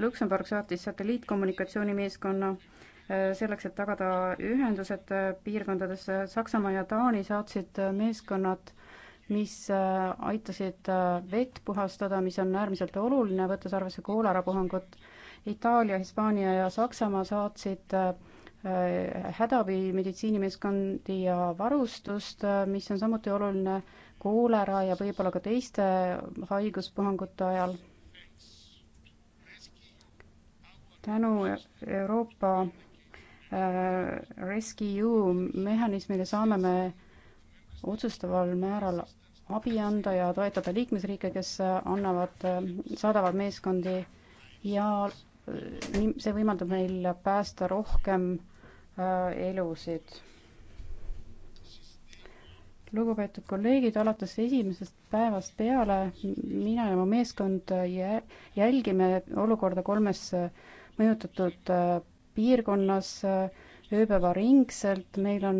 Luksemburg saatis satelliitkommunikatsioonimeeskonna äh, selleks, et tagada ühendused äh, piirkondades. Saksamaa ja Taani saatsid äh, meeskonnad, mis aitasid vett puhastada, mis on äärmiselt oluline, võttes arvesse koolerapuhangut. Itaalia, Hispaania ja Saksamaa saatsid hädaabi meditsiinimeeskondi ja varustust, mis on samuti oluline koolera ja võib-olla ka teiste haiguspuhangute ajal. tänu Euroopa äh, Rescue mehhanismile saame me otsustaval määral abi anda ja toetada liikmesriike, kes äh, annavad, äh, saadavad meeskondi ja see võimaldab meil päästa rohkem elusid. lugupeetud kolleegid, alates esimesest päevast peale mina ja mu meeskond jälgime olukorda kolmes mõjutatud äh, piirkonnas äh, ööpäevaringselt, meil on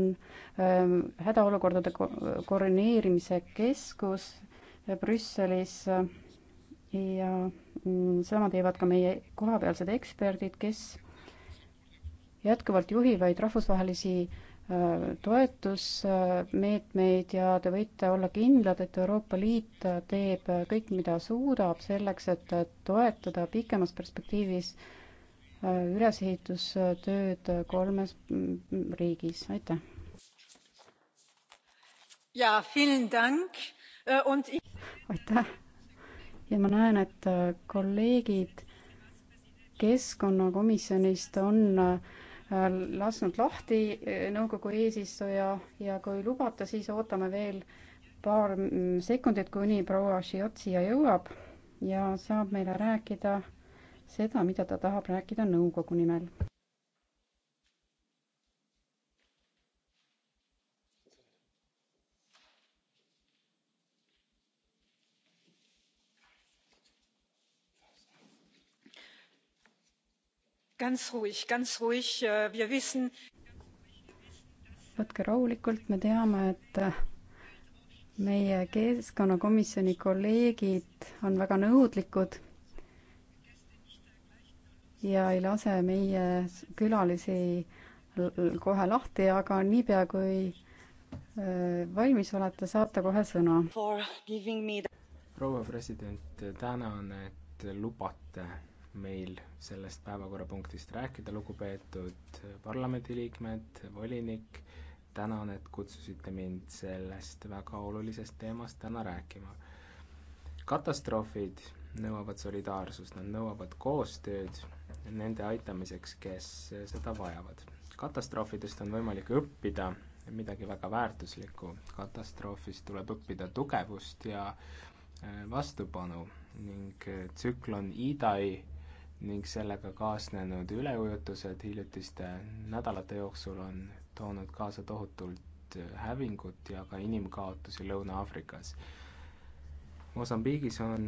ähm, hädaolukordade ko-, koordineerimise keskus äh, Brüsselis ja mm, sama teevad ka meie kohapealsed eksperdid, kes jätkuvalt juhivaid rahvusvahelisi toetusmeetmeid ja te võite olla kindlad, et Euroopa Liit teeb kõik, mida suudab selleks, et toetada pikemas perspektiivis äh, Äh, ülesehitustööd kolmes riigis, aitäh. Äh, aitäh ja ma näen, et äh, kolleegid keskkonnakomisjonist on lasknud lahti nõukogu eesistuja ja kui lubate, siis ootame veel paar sekundit, kuni proua Šiotsia jõuab ja saab meile rääkida seda, mida ta tahab rääkida nõukogu nimel. ganz ruhig, ganz ruhig, äh, wir wissen. võtke rahulikult, me teame, et äh, meie keskkonnakomisjoni kolleegid on väga nõudlikud ja ei lase meie külalisi kohe lahti, aga niipea kui äh, valmis olete, saate kohe sõna. proua president, tänan, et lubate meil sellest päevakorrapunktist rääkida, lugupeetud parlamendiliikmed, volinik, tänan, et kutsusite mind sellest väga olulisest teemast täna rääkima. katastroofid nõuavad solidaarsust, nad nõuavad koostööd nende aitamiseks, kes seda vajavad. katastroofidest on võimalik õppida midagi väga väärtuslikku. katastroofist tuleb õppida tugevust ja äh, vastupanu ning äh, tsüklon Idai ning sellega kaasnenud üleujutused hiljutiste nädalate jooksul on toonud kaasa tohutult äh, hävingut ja ka inimkaotusi Lõuna-Aafrikas. Mosambiigis on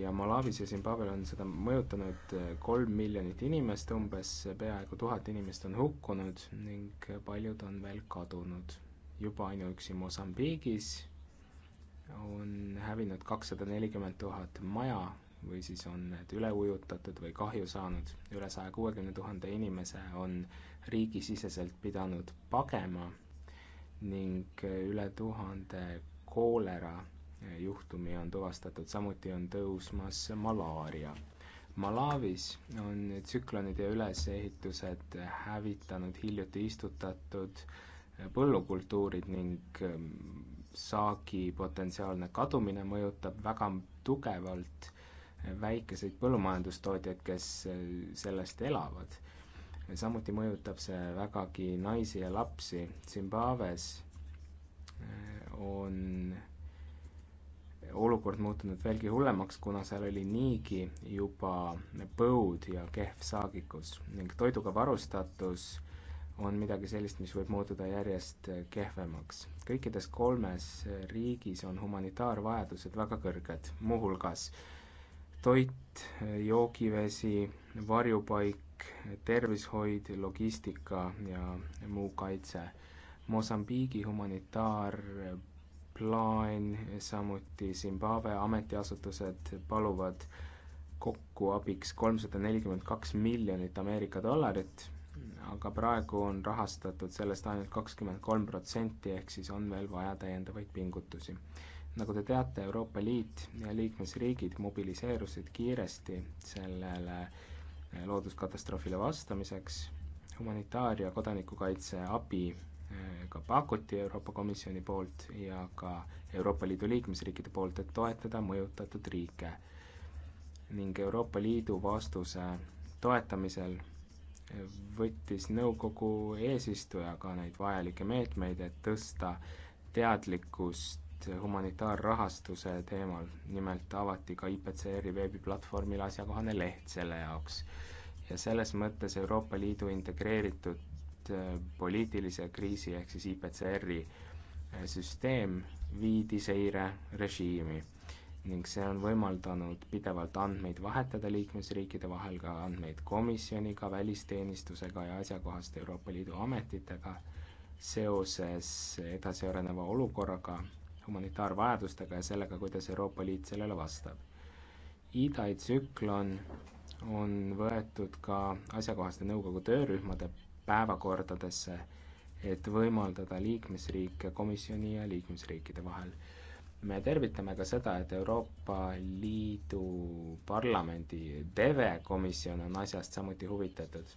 ja Malawis ja Zimbabwe'l on seda mõjutanud eh, kolm miljonit inimest, umbes peaaegu tuhat inimest on hukkunud ning paljud on veel kadunud. juba ainuüksi Mosambiigis on hävinud kakssada nelikümmend tuhat maja või siis on need üle ujutatud või kahju saanud. üle saja kuuekümne tuhande inimese on riigisiseselt pidanud pagema ning eh, üle tuhande koolera juhtumi on tuvastatud, samuti on tõusmas malaaria. Malawis on tsüklonid ja ülesehitused hävitanud hiljuti istutatud põllukultuurid ning ähm, saagi potentsiaalne kadumine mõjutab väga tugevalt äh, väikeseid põllumajandustootjaid, kes äh, sellest elavad. samuti mõjutab see vägagi naisi ja lapsi. Zimbabwe's äh, on olukord muutunud veelgi hullemaks, kuna seal oli niigi juba põud ja kehv saagikus ning toiduga varustatus on midagi sellist, mis võib muutuda järjest kehvemaks. kõikides kolmes riigis on humanitaarvajadused väga kõrged, muuhulgas toit, joogivesi, varjupaik, tervishoid, logistika ja muu kaitse. Mosambiigi humanitaar plaan, samuti Zimbabwe ametiasutused paluvad kokku abiks kolmsada nelikümmend kaks miljonit Ameerika dollarit, aga praegu on rahastatud sellest ainult kakskümmend kolm protsenti, ehk siis on veel vaja täiendavaid pingutusi. nagu te teate, Euroopa Liit ja liikmesriigid mobiliseerusid kiiresti sellele looduskatastroofile vastamiseks, humanitaar- ja kodanikukaitseabi Eh, ka pakuti Euroopa Komisjoni poolt ja ka Euroopa Liidu liikmesriikide poolt, et toetada mõjutatud riike. ning Euroopa Liidu vastuse toetamisel eh, võttis nõukogu eesistuja ka neid vajalikke meetmeid, et tõsta teadlikkust humanitaarrahastuse teemal, nimelt avati ka IPCR-i veebiplatvormil asjakohane leht selle jaoks. ja selles mõttes Euroopa Liidu integreeritud et äh, poliitilise kriisi ehk siis IPCR-i äh, süsteem viidi seirerežiimi ning see on võimaldanud pidevalt andmeid vahetada liikmesriikide vahel, ka andmeid komisjoniga, välisteenistusega ja asjakohaste Euroopa Liidu ametitega seoses edasiareneva olukorraga, humanitaarvajadustega ja sellega, kuidas Euroopa Liit sellele vastab. Idai tsüklon on võetud ka asjakohaste nõukogu töörühmade päevakordadesse, et võimaldada liikmesriike komisjoni ja liikmesriikide vahel. me tervitame ka seda, et Euroopa Liidu Parlamendi DEVE komisjon on asjast samuti huvitatud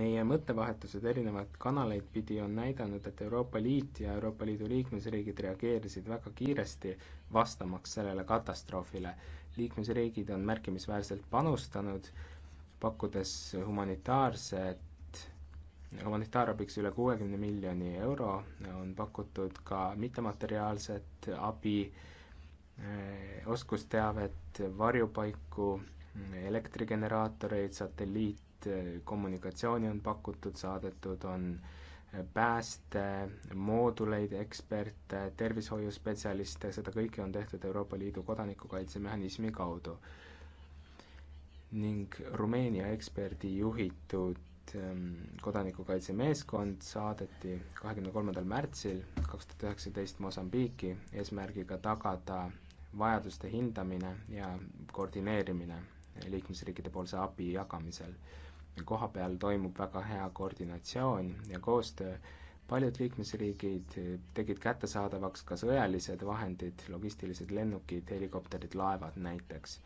meie mõttevahetused erinevaid kanaleid pidi on näidanud, et Euroopa Liit ja Euroopa Liidu liikmesriigid reageerisid väga kiiresti, vastamaks sellele katastroofile. liikmesriigid on märkimisväärselt panustanud, pakkudes humanitaarset humanitaarabiks üle kuuekümne miljoni euro, on pakutud ka mittemateriaalset abi, eh, oskusteavet, varjupaiku, elektrigeneraatoreid, satelliitkommunikatsiooni eh, on pakutud, saadetud on eh, päästemooduleid, eksperte, tervishoiuspetsialiste, seda kõike on tehtud Euroopa Liidu kodanikukaitsemehhanismi kaudu. ning Rumeenia eksperdi juhitud et ehm, kodanikukaitse meeskond saadeti kahekümne kolmandal märtsil kaks tuhat üheksateist Mosambiiki eesmärgiga tagada vajaduste hindamine ja koordineerimine liikmesriikide poolse abi jagamisel. kohapeal toimub väga hea koordinatsioon ja koostöö, paljud liikmesriigid tegid kättesaadavaks ka sõjalised vahendid, logistilised lennukid, helikopterid, laevad näiteks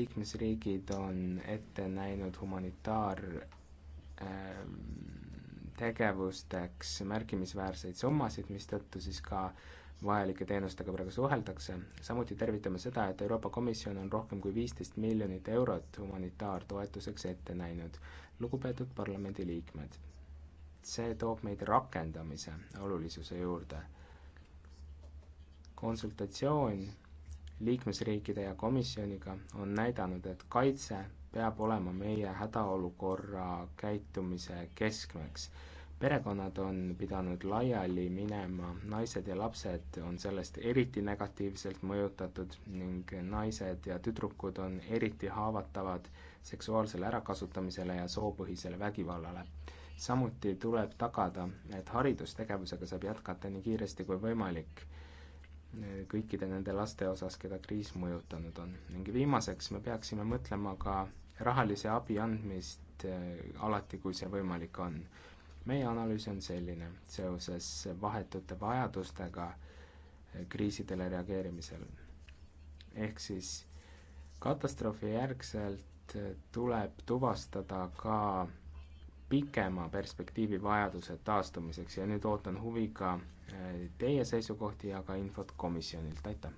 liikmesriigid on ette näinud humanitaar- Äh, tegevusteks märkimisväärseid summasid, mistõttu siis ka vajalike teenustega praegu suheldakse. samuti tervitame seda, et Euroopa Komisjon on rohkem kui viisteist miljonit eurot humanitaartoetuseks ette näinud. lugupeetud parlamendiliikmed, see toob meid rakendamise olulisuse juurde. konsultatsioon liikmesriikide ja komisjoniga on näidanud, et kaitse peab olema meie hädaolukorra käitumise keskmeks. perekonnad on pidanud laiali minema, naised ja lapsed on sellest eriti negatiivselt mõjutatud ning naised ja tüdrukud on eriti haavatavad seksuaalsele ärakasutamisele ja soopõhisele vägivallale samuti tuleb tagada, et haridustegevusega saab jätkata nii kiiresti kui võimalik kõikide nende laste osas, keda kriis mõjutanud on. ning viimaseks me peaksime mõtlema ka rahalise abi andmist äh, alati, kui see võimalik on. meie analüüs on selline seoses vahetute vajadustega äh, kriisidele reageerimisel. ehk siis katastroofi järgselt äh, tuleb tuvastada ka pikema perspektiivi vajadused taastumiseks ja nüüd ootan huviga teie seisukohti ja ka infot komisjonilt, aitäh!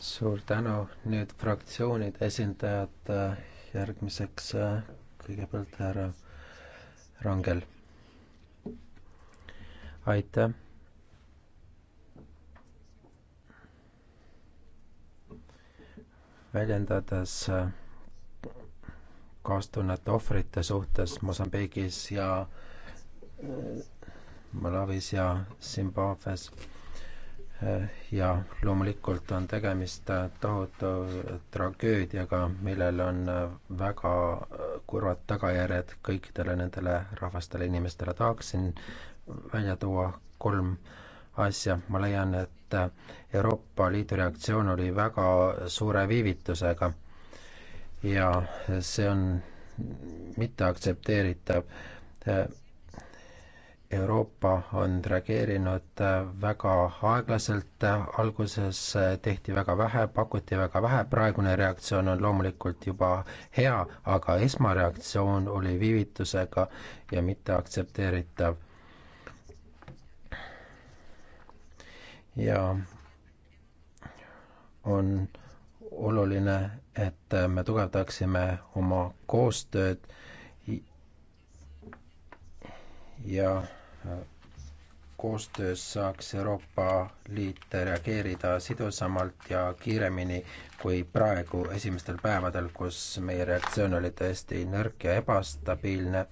suur tänu, nüüd fraktsioonide esindajad, äh, järgmiseks äh, kõigepealt härra Rangel. aitäh. väljendades äh, kaastunnet ohvrite suhtes Mosambiigis ja Malawis ja Zimbabwes Äh, ja loomulikult on tegemist äh, tohutu äh, tragöödiaga, millel on väga kurvad tagajärjed kõikidele nendele rahvastele, inimestele. tahaksin välja tuua kolm asja, ma leian, et Euroopa Liidu reaktsioon oli väga suure viivitusega ja see on mitteaktsepteeritav Euroopa on reageerinud äh, väga aeglaselt, alguses äh, tehti väga vähe, pakuti väga vähe, praegune reaktsioon on loomulikult juba hea, aga esmareaktsioon oli viivitusega ja mitte aktsepteeritav. ja on oluline, et äh, me tugevdaksime oma koostööd ja koostöös saaks Euroopa Liit reageerida sidusamalt ja kiiremini kui praegu esimestel päevadel, kus meie reaktsioon oli tõesti nõrk ja ebastabiilne.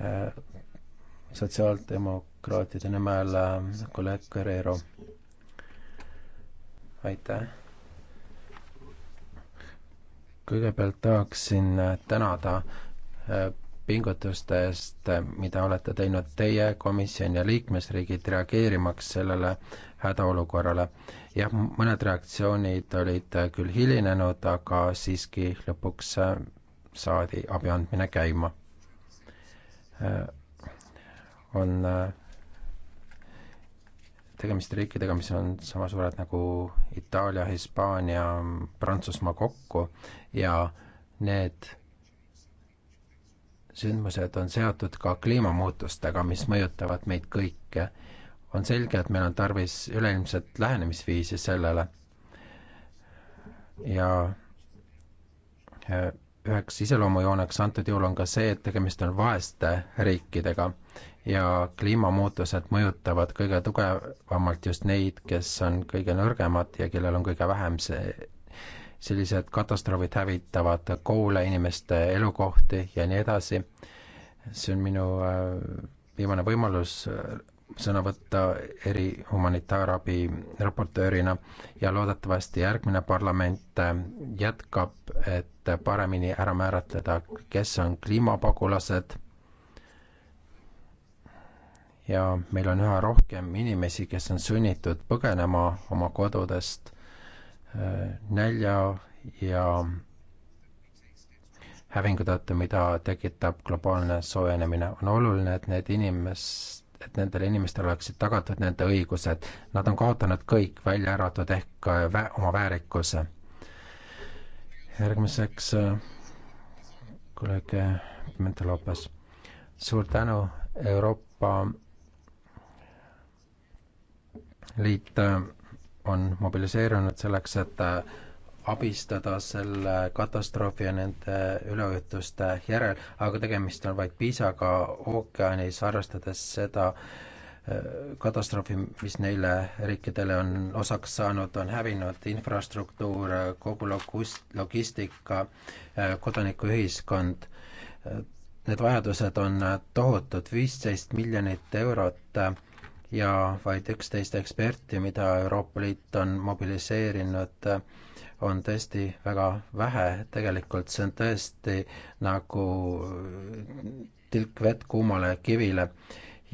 Äh, sotsiaaldemokraatide nimel äh, kolleeg Guerrero. aitäh. kõigepealt tahaksin äh, tänada pingutuste eest, mida olete teinud teie, komisjon ja liikmesriigid, reageerimaks sellele hädaolukorrale. jah, mõned reaktsioonid olid küll hilinenud, aga siiski lõpuks saadi abi andmine käima. on tegemist riikidega, mis on sama suured nagu Itaalia, Hispaania, Prantsusmaa kokku ja need sündmused on seotud ka kliimamuutustega, mis mõjutavad meid kõiki. on selge, et meil on tarvis üleilmset lähenemisviisi sellele. ja e, üheks iseloomujooneks antud juhul on ka see, et tegemist on vaeste riikidega ja kliimamuutused mõjutavad kõige tugevamalt just neid, kes on kõige nõrgemad ja kellel on kõige vähem see sellised katastroofid hävitavad koole, inimeste elukohti ja nii edasi. see on minu äh, viimane võimalus äh, sõna võtta eri humanitaarabi raportöörina ja loodetavasti järgmine parlament äh, jätkab, et paremini ära määratleda, kes on kliimapagulased. ja meil on üha rohkem inimesi, kes on sunnitud põgenema oma kodudest Äh, nälja ja hävingu tõttu, mida tekitab globaalne soojenemine. on oluline, et need inimesed, et nendele inimestele oleksid tagatud nende õigused. Nad on kaotanud kõik, välja arvatud ehk vä oma väärikuse. järgmiseks äh, kolleeg äh, Pimenta Lopes. suur tänu, Euroopa Liit on mobiliseerunud selleks, et äh, abistada selle katastroofi ja nende üleujutuste äh, järel, aga tegemist on vaid piisaga ookeanis, arvestades seda äh, katastroofi, mis neile riikidele on osaks saanud, on hävinud infrastruktuur, kogu logust-, logistika, kodanikuühiskond. Need vajadused on tohutud, viisteist miljonit eurot ja vaid üksteist eksperti, mida Euroopa Liit on mobiliseerinud, on tõesti väga vähe, tegelikult see on tõesti nagu tilk vett kuumale kivile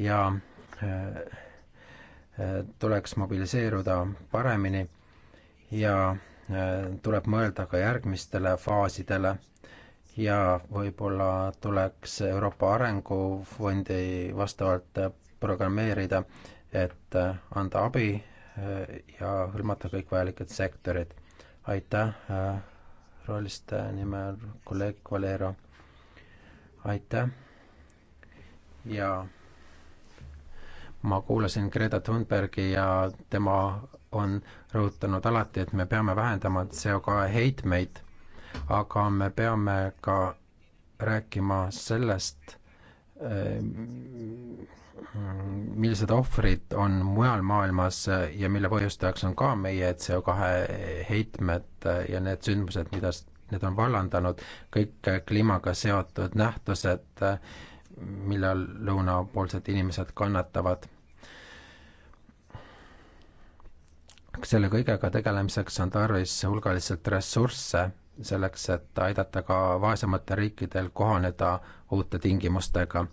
ja äh, äh, tuleks mobiliseeruda paremini ja äh, tuleb mõelda ka järgmistele faasidele ja võib-olla tuleks Euroopa Arengufondi vastavalt programmeerida, et äh, anda abi äh, ja hõlmata kõik vajalikud sektorid. aitäh äh, rooliste nimel kolleeg Valero. aitäh ja ma kuulasin Greta Thunbergi ja tema on rõhutanud alati, et me peame vähendama CO2 heitmeid, aga me peame ka rääkima sellest, Mm, millised ohvrid on mujal maailmas äh, ja mille põhjustajaks on ka meie CO2 heitmed äh, ja need sündmused, mida need on vallandanud, kõik äh, kliimaga seotud nähtused, mille all lõunapoolsed inimesed kannatavad. selle kõigega tegelemiseks on tarvis hulgaliselt ressursse, selleks et aidata ka vaesematel riikidel kohaneda uute tingimustega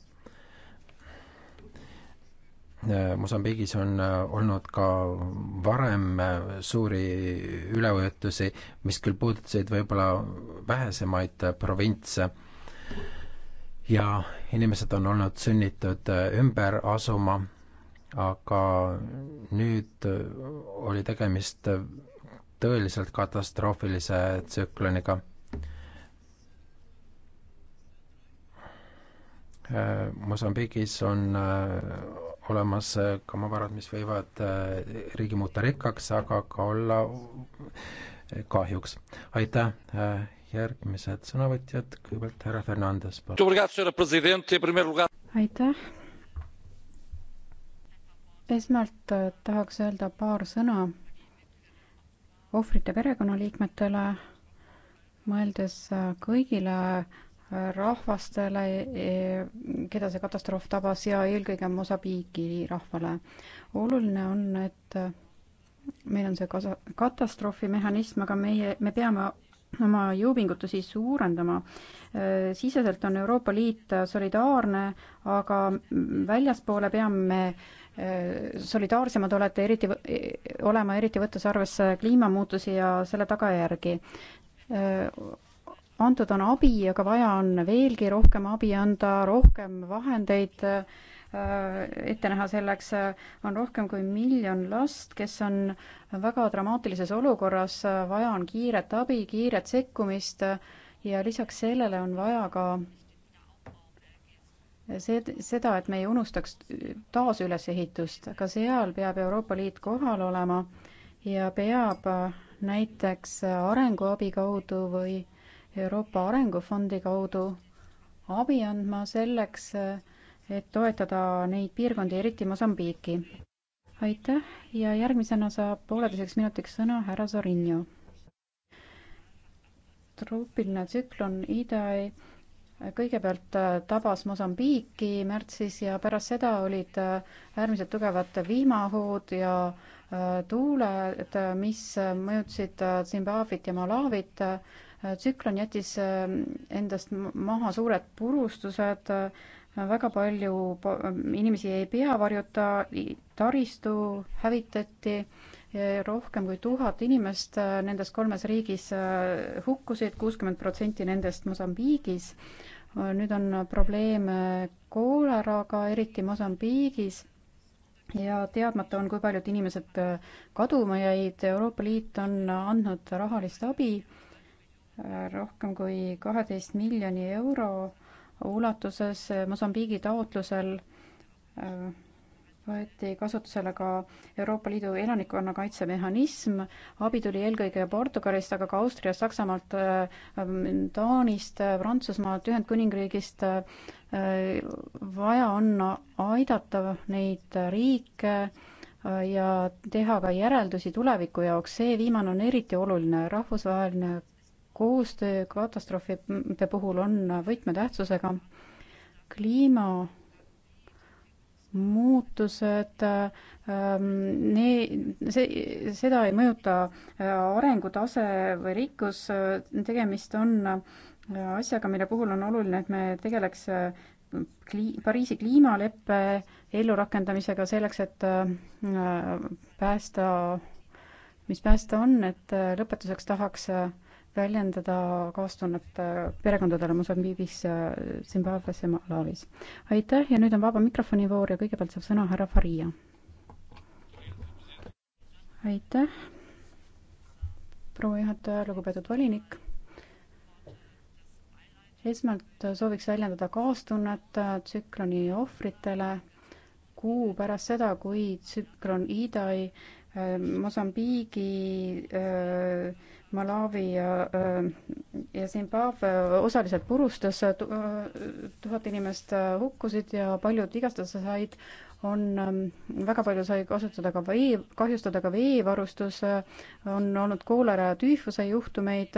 Äh, Mosambiigis on äh, olnud ka varem äh, suuri üleujutusi, mis küll puudutasid võib-olla vähesemaid provintse ja inimesed on olnud sunnitud ümber asuma, aga nüüd oli tegemist tõeliselt katastroofilise tsükloniga Mosambiigis on olemas äh, kamavarad, mis võivad äh, riigi muuta rikkaks, aga ka olla äh, kahjuks. aitäh, järgmised sõnavõtjad, kõigepealt härra Fernandes. aitäh. esmalt tahaks öelda paar sõna ohvrite perekonnaliikmetele, mõeldes kõigile rahvastele, e, keda see katastroof tabas ja eelkõige Mosambiigi rahvale. oluline on, et meil on see kasa-, katastroofimehhanism, aga meie, me peame oma jõupingutusi suurendama. E, siseselt on Euroopa Liit solidaarne, aga väljaspoole peame e, solidaarsemad olete eriti, olema eriti võttes arvesse kliimamuutusi ja selle tagajärgi antud on abi, aga vaja on veelgi rohkem abi anda, rohkem vahendeid äh, ette näha selleks, äh, on rohkem kui miljon last, kes on väga dramaatilises olukorras, äh, vaja on kiiret abi, kiiret sekkumist ja lisaks sellele on vaja ka see, seda, et me ei unustaks taasülesehitust, ka seal peab Euroopa Liit kohal olema ja peab näiteks arenguabi kaudu või Euroopa Arengufondi kaudu abi andma selleks, et toetada neid piirkondi, eriti Mosambiiki. aitäh ja järgmisena saab pooleteiseks minutiks sõna härra Sorinio. troopiline tsüklon Idai kõigepealt tabas Mosambiiki märtsis ja pärast seda olid äärmiselt tugevad vihmahood ja äh, tuuled, mis mõjutasid äh, Zimbabwit ja Malawit tsüklon jättis äh, endast maha suured purustused, äh, väga palju inimesi ei pea varjuta, taristu hävitati, rohkem kui tuhat inimest äh, nendes kolmes riigis hukkusid, kuuskümmend protsenti nendest Mosambiigis. nüüd on probleeme kooleraga, eriti Mosambiigis ja teadmata on, kui paljud inimesed kaduma jäid, Euroopa Liit on andnud rahalist abi rohkem kui kaheteist miljoni euro ulatuses Mosambiigi taotlusel äh, võeti kasutusele ka Euroopa Liidu elanikkonnakaitsemehhanism, abi tuli eelkõige Portugalist, aga ka Austriast, Saksamaalt, äh, Taanist, Prantsusmaalt, Ühendkuningriigist. Äh, vaja on aidata neid riike ja teha ka järeldusi tuleviku jaoks, see viimane on eriti oluline, rahvusvaheline koostöö katastroofide puhul on võtmetähtsusega. kliima muutused, ähm, nee-, see, seda ei mõjuta äh, arengutase või rikkus, äh, tegemist on äh, asjaga, mille puhul on oluline, et me tegeleks kli-, Pariisi kliimaleppe ellurakendamisega selleks, et päästa, mis päästa on, et lõpetuseks tahaks väljendada kaastunnet äh, perekondadele Mosambiigis, Zimbabwes ja Malawis. aitäh ja nüüd on vaba mikrofoni voor ja kõigepealt saab sõna härra Faria. aitäh, proua juhataja, lugupeetud volinik. esmalt sooviks väljendada kaastunnet tsükloni ohvritele kuu pärast seda, kui tsüklon Idai äh, Mosambiigi öö, äh, Malawi ja, äh, ja Zimbabwe osaliselt purustas, äh, äh, tuhat inimest hukkusid ja paljud vigastada said, on, ähm, väga palju sai kasutada ka vee, kahjustada ka veevarustus, on olnud koolera ja tüüfuse juhtumeid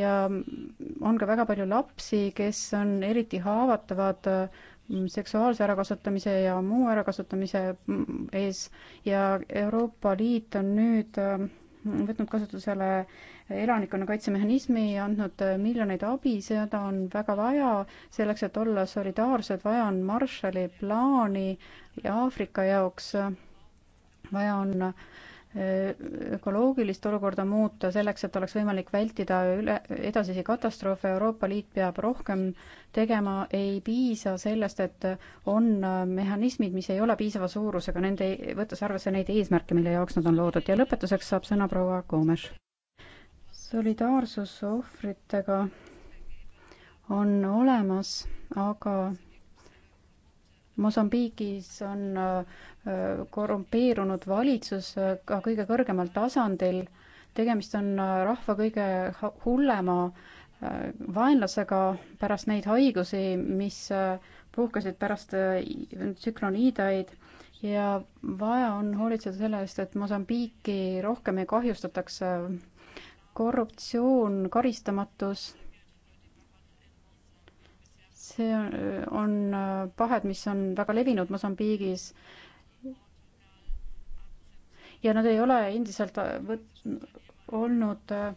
ja mm, on ka väga palju lapsi, kes on eriti haavatavad seksuaalse ärakasutamise ja muu ärakasutamise mm, ees ja Euroopa Liit on nüüd võtnud kasutusele elanikkonnakaitsemehhanismi ja andnud äh, miljoneid abi, seda on väga vaja selleks, et olla solidaarsed, vaja on Marshalli plaani ja Aafrika jaoks, vaja on äh, ökoloogilist olukorda muuta selleks, et oleks võimalik vältida üle, edasisi katastroofe, Euroopa Liit peab rohkem tegema, ei piisa sellest, et on mehhanismid, mis ei ole piisava suurusega, nende, võttes arvesse neid eesmärke, mille jaoks nad on loodud ja lõpetuseks saab sõna proua Koomes. solidaarsus ohvritega on olemas, aga Mosambiigis on äh, korrumpeerunud valitsus äh, ka kõige kõrgemal tasandil, tegemist on äh, rahva kõige hullema vaenlasega pärast neid haigusi, mis puhkesid pärast tsüklon Idaid ja vaja on hoolitseda selle eest, et Mosambiiki rohkem ei kahjustataks. korruptsioon, karistamatus see on, on äh, pahed, mis on väga levinud Mosambiigis. ja nad ei ole endiselt äh, võt-, olnud äh,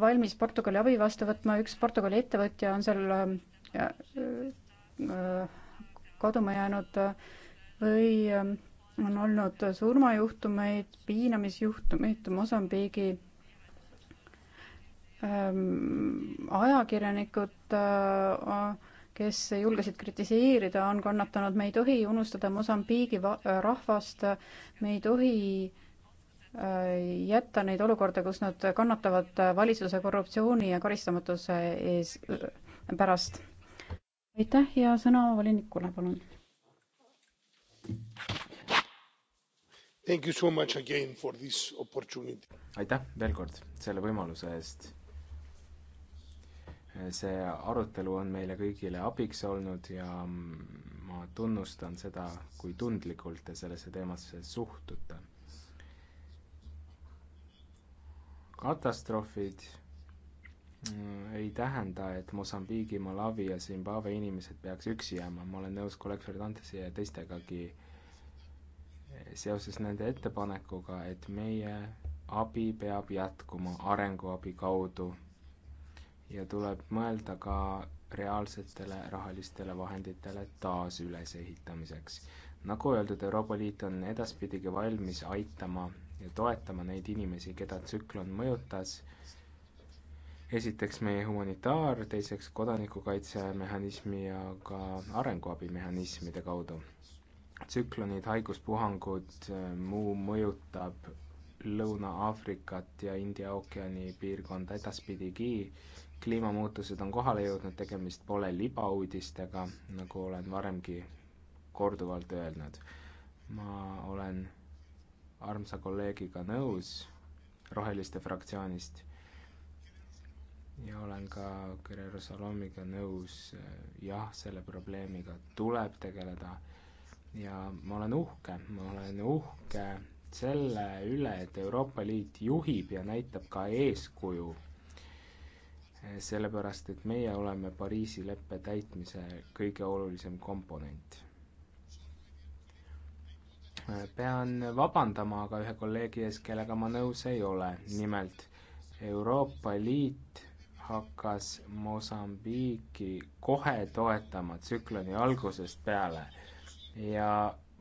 valmis Portugali abi vastu võtma, üks Portugali ettevõtja on seal kaduma jäänud või on olnud surmajuhtumeid, piinamisjuhtumeid Mosambiigi Ähm, ajakirjanikud, äh, kes julgesid kritiseerida, on kannatanud, me ei tohi unustada Mosambiigi äh, rahvast, me ei tohi äh, jätta neid olukorda, kus nad kannatavad valitsuse korruptsiooni ja karistamatuse ees, pärast. aitäh ja sõna volinikule, palun. aitäh veel kord selle võimaluse eest see arutelu on meile kõigile abiks olnud ja ma tunnustan seda, kui tundlikult te sellesse teemasse suhtute. katastroofid mm, ei tähenda, et Mosambiigi, Malawi ja Zimbabwe inimesed peaks üksi jääma, ma olen nõus kolleeg Ferdantesi ja teistegagi seoses nende ettepanekuga, et meie abi peab jätkuma arenguabi kaudu ja tuleb mõelda ka reaalsetele rahalistele vahenditele taasülesehitamiseks. nagu öeldud, Euroopa Liit on edaspidigi valmis aitama ja toetama neid inimesi, keda tsüklon mõjutas. esiteks meie humanitaar, teiseks kodanikukaitsemehhanismi ja ka arenguabimehhanismide kaudu tsüklonid, haiguspuhangud, muu mõjutab Lõuna-Aafrikat ja India ookeani piirkonda edaspidigi. kliimamuutused on kohale jõudnud, tegemist pole libauudistega, nagu olen varemgi korduvalt öelnud. ma olen armsa kolleegiga nõus Roheliste fraktsioonist ja olen ka Guerrero Salomiga nõus, jah, selle probleemiga tuleb tegeleda ja ma olen uhke, ma olen uhke selle üle, et Euroopa Liit juhib ja näitab ka eeskuju, sellepärast et meie oleme Pariisi leppe täitmise kõige olulisem komponent pean vabandama aga ühe kolleegi ees, kellega ma nõus ei ole. nimelt Euroopa Liit hakkas Mosambiiki kohe toetama tsükloni algusest peale ja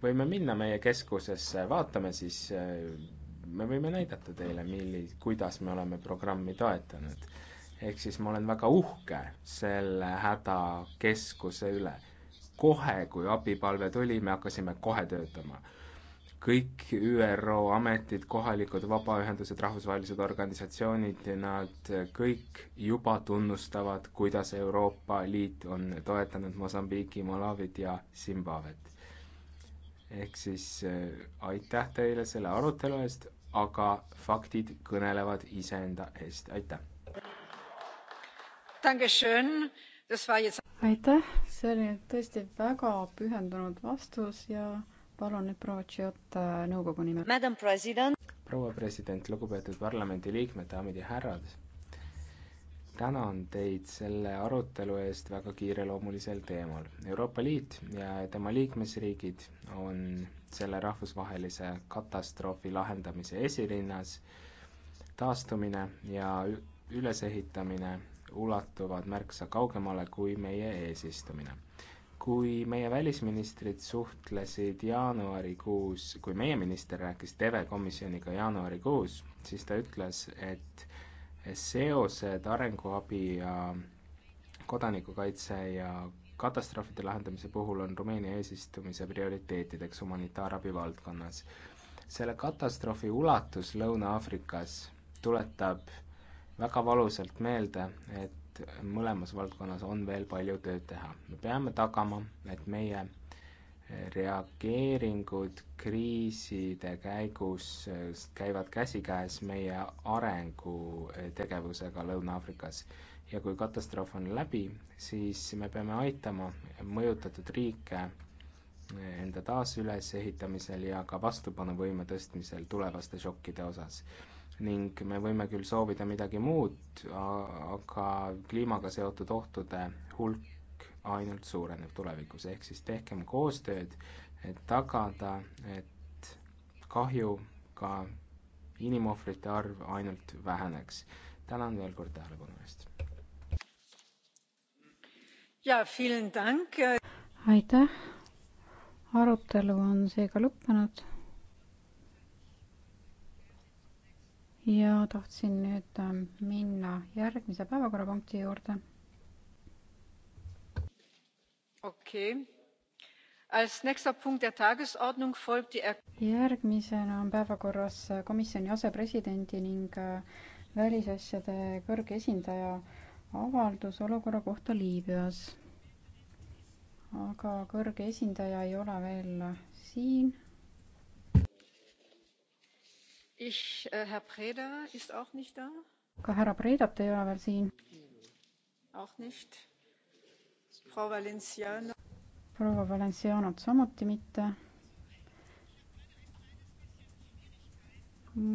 võime minna meie keskusesse, vaatame siis, me võime näidata teile, milli-, kuidas me oleme programmi toetanud. ehk siis ma olen väga uhke selle hädakeskuse üle. kohe, kui abipalve tuli, me hakkasime kohe töötama. kõik ÜRO ametid, kohalikud vabaühendused, rahvusvahelised organisatsioonid, nad kõik juba tunnustavad, kuidas Euroopa Liit on toetanud Mosambiiki, Malawit ja Zimbabwet ehk siis äh, aitäh teile selle arutelu eest, aga faktid kõnelevad iseenda eest, aitäh. aitäh, see oli tõesti väga pühendunud vastus ja palun nüüd proua Tšiot nõukogu nimel. proua president, lugupeetud parlamendiliikmed, daamid ja härrad tänan teid selle arutelu eest väga kiireloomulisel teemal. Euroopa Liit ja tema liikmesriigid on selle rahvusvahelise katastroofi lahendamise esirinnas. taastumine ja ülesehitamine ulatuvad märksa kaugemale kui meie eesistumine. kui meie välisministrid suhtlesid jaanuarikuus, kui meie minister rääkis TV Komisjoniga jaanuarikuus, siis ta ütles, et seosed arenguabi ja kodanikukaitse ja katastroofide lahendamise puhul on Rumeenia eesistumise prioriteetideks humanitaarabi valdkonnas. selle katastroofi ulatus Lõuna-Aafrikas tuletab väga valusalt meelde, et mõlemas valdkonnas on veel palju tööd teha. me peame tagama, et meie reageeringud kriiside käigus äh, käivad käsikäes meie arengutegevusega Lõuna-Aafrikas. ja kui katastroof on läbi, siis me peame aitama mõjutatud riike äh, enda taasülesehitamisel ja ka vastupanuvõime tõstmisel tulevaste šokkide osas. ning me võime küll soovida midagi muud, aga kliimaga seotud ohtude hulk ainult suureneb tulevikus, ehk siis tehkem koostööd, et tagada, et kahju ka inimohvrite arv ainult väheneks. tänan veel kord tähelepanu eest. aitäh, arutelu on seega lõppenud. ja tahtsin nüüd ähm, minna järgmise päevakorrapunkti juurde okei okay järgmisena on päevakorras äh, komisjoni asepresidendi ning äh, välisasjade kõrge esindaja avaldus olukorra kohta Liibüas. aga kõrge esindaja ei ole veel äh, siin. ka härra Predat ei ole veel siin proua Valencianot samuti mitte.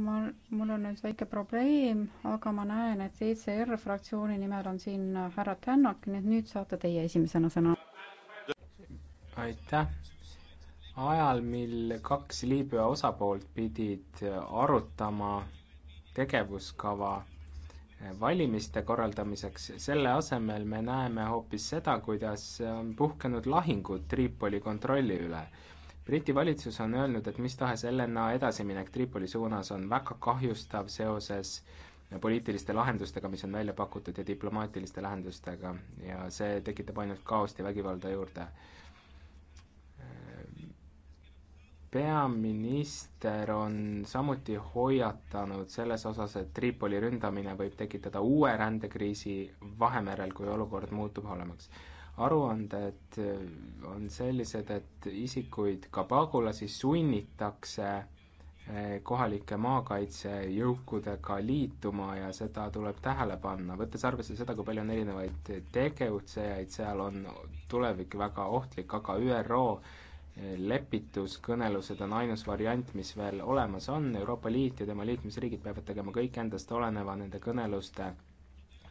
ma, mul on nüüd väike probleem, aga ma näen, et ECR fraktsiooni nimel on siin härra Tänak, nii et nüüd saate teie esimesena sõna. aitäh. ajal, mil kaks Liibüa osapoolt pidid arutama tegevuskava valimiste korraldamiseks selle asemel me näeme hoopis seda kuidas on puhkenud lahingud tripoli kontrolli üle briti valitsus on öelnud et mis tahes lna edasiminek tripoli suunas on väga kahjustav seoses poliitiliste lahendustega mis on välja pakutud ja diplomaatiliste lahendustega ja see tekitab ainult kaost ja vägivalda juurde peaminister on samuti hoiatanud selles osas, et Tripoli ründamine võib tekitada uue rändekriisi Vahemerel, kui olukord muutub halvemaks. aruanded on sellised, et isikuid, ka pagulasi, sunnitakse eh, kohalike maakaitsejõukudega liituma ja seda tuleb tähele panna, võttes arvesse seda, kui palju on erinevaid tegevutsejaid, seal on tulevik väga ohtlik, aga ÜRO lepituskõnelused on ainus variant, mis veel olemas on, Euroopa Liit ja tema liikmesriigid peavad tegema kõik endast oleneva nende kõneluste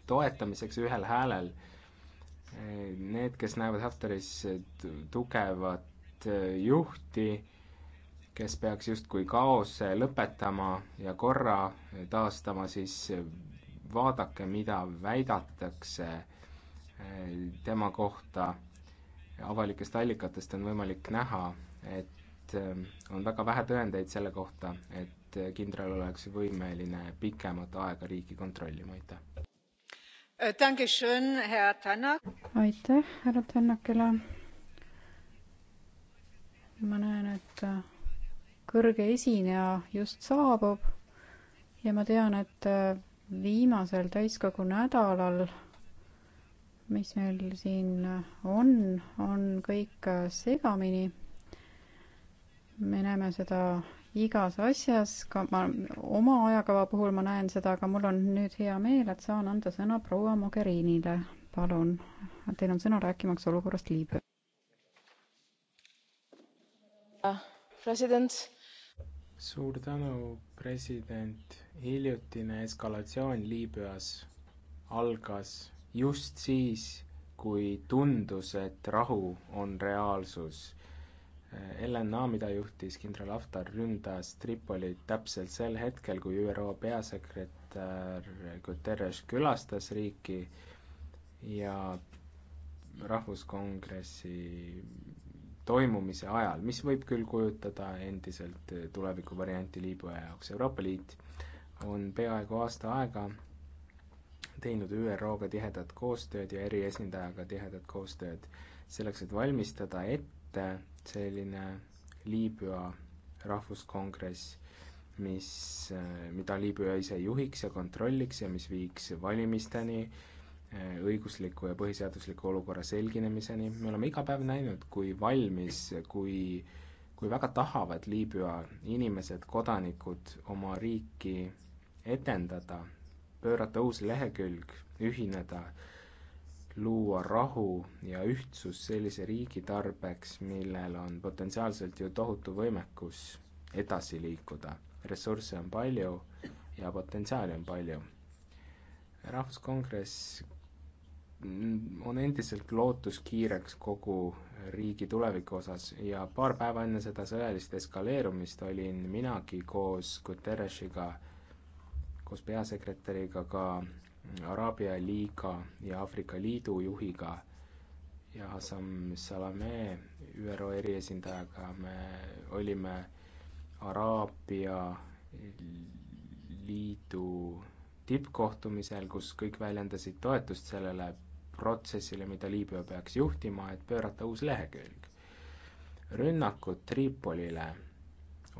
toetamiseks ühel häälel. Need, kes näevad Haftaris tugevat juhti, kes peaks justkui kaose lõpetama ja korra taastama, siis vaadake, mida väidatakse tema kohta avalikest allikatest on võimalik näha, et ähm, on väga vähe tõendeid selle kohta, et kindral oleks võimeline pikemat aega riiki kontrollima, aitäh. Äh, aitäh härra Tannakile. ma näen, et äh, kõrge esineja just saabub ja ma tean, et äh, viimasel täiskogu nädalal mis meil siin on, on kõik segamini. me näeme seda igas asjas, ka ma oma ajakava puhul ma näen seda, aga mul on nüüd hea meel, et saan anda sõna proua Mogherinile. palun, teil on sõna rääkimaks olukorrast Liibüas. Ah, president. suur tänu, president. hiljutine eskalatsioon Liibüas algas just siis, kui tundus, et rahu on reaalsus. LNA, mida juhtis kindral Haftar, ründas Tripolit täpselt sel hetkel, kui ÜRO peasekretär Guterres külastas riiki ja rahvuskongressi toimumise ajal, mis võib küll kujutada endiselt tulevikuvarianti Liibüa jaoks. Euroopa Liit on peaaegu aasta aega teinud ÜRO-ga tihedat koostööd ja eriesindajaga tihedat koostööd, selleks et valmistada ette selline Liibüa rahvuskongress, mis, mida Liibüa ise juhiks ja kontrolliks ja mis viiks valimisteni, õigusliku ja põhiseadusliku olukorra selginemiseni, me oleme iga päev näinud, kui valmis, kui kui väga tahavad Liibüa inimesed, kodanikud oma riiki etendada pöörata uus lehekülg, ühineda, luua rahu ja ühtsus sellise riigi tarbeks, millel on potentsiaalselt ju tohutu võimekus edasi liikuda. ressursse on palju ja potentsiaali on palju. rahvuskongress on endiselt lootuskiireks kogu riigi tuleviku osas ja paar päeva enne seda sõjalist eskaleerumist olin minagi koos Guterresiga koos peasekretäriga, ka Araabia Liiga ja Aafrika Liidu juhiga ja Hassam Salameh, ÜRO eriesindajaga, me olime Araabia Liidu tippkohtumisel, kus kõik väljendasid toetust sellele protsessile, mida Liibüa peaks juhtima, et pöörata uus lehekülg. rünnakud Tripolile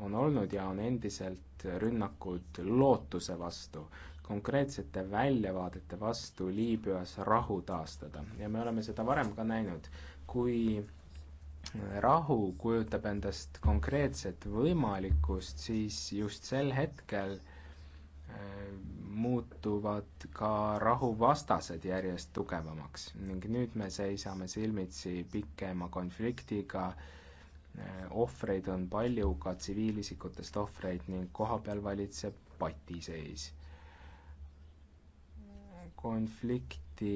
on olnud ja on endiselt rünnakud lootuse vastu, konkreetsete väljavaadete vastu Liibüas rahu taastada ja me oleme seda varem ka näinud, kui rahu kujutab endast konkreetset võimalikkust, siis just sel hetkel äh, muutuvad ka rahuvastased järjest tugevamaks ning nüüd me seisame silmitsi pikema konfliktiga äh, Eh, ohvreid on palju, ka tsiviilisikutest ohvreid ning kohapeal valitseb patiseis. konflikti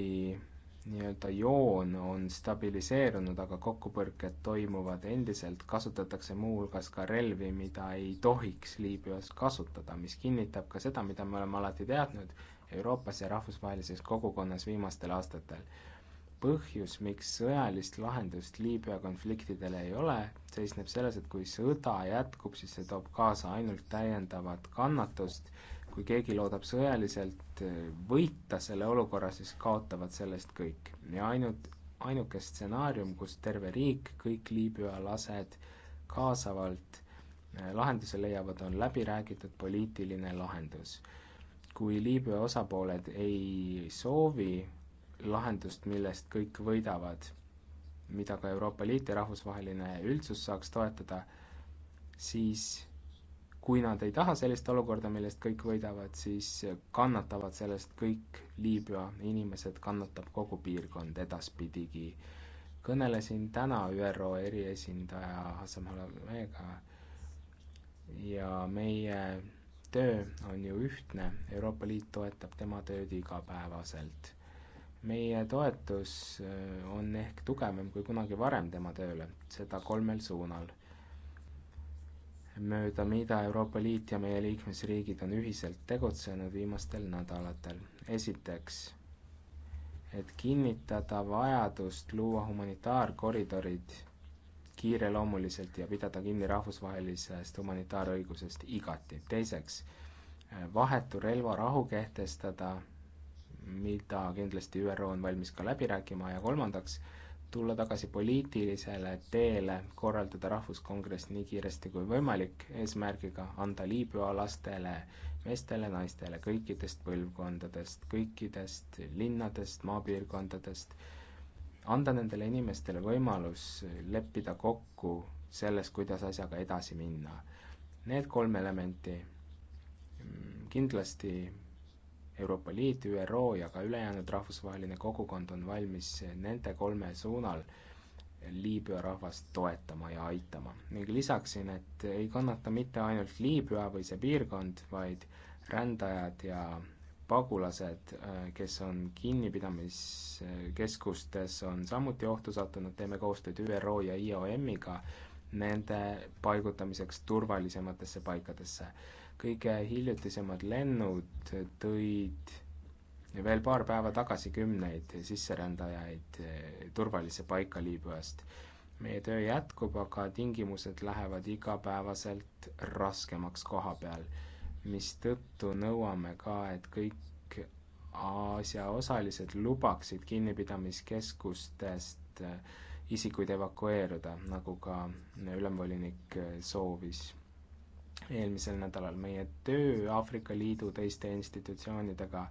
nii-öelda joon on stabiliseerunud, aga kokkupõrked toimuvad endiselt, kasutatakse muuhulgas ka relvi, mida ei tohiks Liibüas kasutada, mis kinnitab ka seda, mida me oleme alati teadnud Euroopas ja rahvusvahelises kogukonnas viimastel aastatel põhjus miks sõjalist lahendust liibüa konfliktidele ei ole seisneb selles et kui sõda jätkub siis see toob kaasa ainult täiendavat kannatust kui keegi loodab sõjaliselt eh, võita selle olukorra siis kaotavad sellest kõik ja ainult ainuke stsenaarium kus terve riik kõik liibüa lased kaasavalt eh, lahenduse leiavad on läbiräägitud poliitiline lahendus kui liibüa osapooled ei soovi lahendust, millest kõik võidavad, mida ka Euroopa Liit ja rahvusvaheline üldsus saaks toetada, siis kui nad ei taha sellist olukorda, millest kõik võidavad, siis kannatavad sellest kõik Liibüa inimesed, kannatab kogu piirkond edaspidigi. kõnelesin täna ÜRO eriesindaja Hassam Halamega ja meie töö on ju ühtne, Euroopa Liit toetab tema tööd igapäevaselt meie toetus äh, on ehk tugevam kui kunagi varem tema tööle, seda kolmel suunal. mööda mida Euroopa Liit ja meie liikmesriigid on ühiselt tegutsenud viimastel nädalatel. esiteks, et kinnitada vajadust luua humanitaarkoridorid kiireloomuliselt ja pidada kinni rahvusvahelisest humanitaarõigusest igati. teiseks, äh, vahetu relvarahu kehtestada mida kindlasti ÜRO on valmis ka läbi rääkima ja kolmandaks, tulla tagasi poliitilisele teele, korraldada rahvuskongress nii kiiresti kui võimalik, eesmärgiga anda Liibüa lastele, meestele, naistele kõikidest põlvkondadest, kõikidest linnadest, maapiirkondadest, anda nendele inimestele võimalus leppida kokku selles, kuidas asjaga edasi minna. Need kolm elementi kindlasti Euroopa Liit, ÜRO ja ka ülejäänud rahvusvaheline kogukond on valmis nende kolme suunal Liibüa rahvast toetama ja aitama ning lisaksin, et ei kannata mitte ainult Liibüa või see piirkond, vaid rändajad ja pagulased, kes on kinnipidamiskeskustes, on samuti ohtu sattunud, teeme koostööd ÜRO ja IOM-iga nende paigutamiseks turvalisematesse paikadesse kõige hiljutisemad lennud tõid veel paar päeva tagasi kümneid sisserändajaid turvalisse paika Liibüast. meie töö jätkub, aga tingimused lähevad igapäevaselt raskemaks koha peal, mistõttu nõuame ka, et kõik asjaosalised lubaksid kinnipidamiskeskustest isikuid evakueeruda, nagu ka ülemvolinik soovis eelmisel nädalal. meie töö Aafrika Liidu teiste institutsioonidega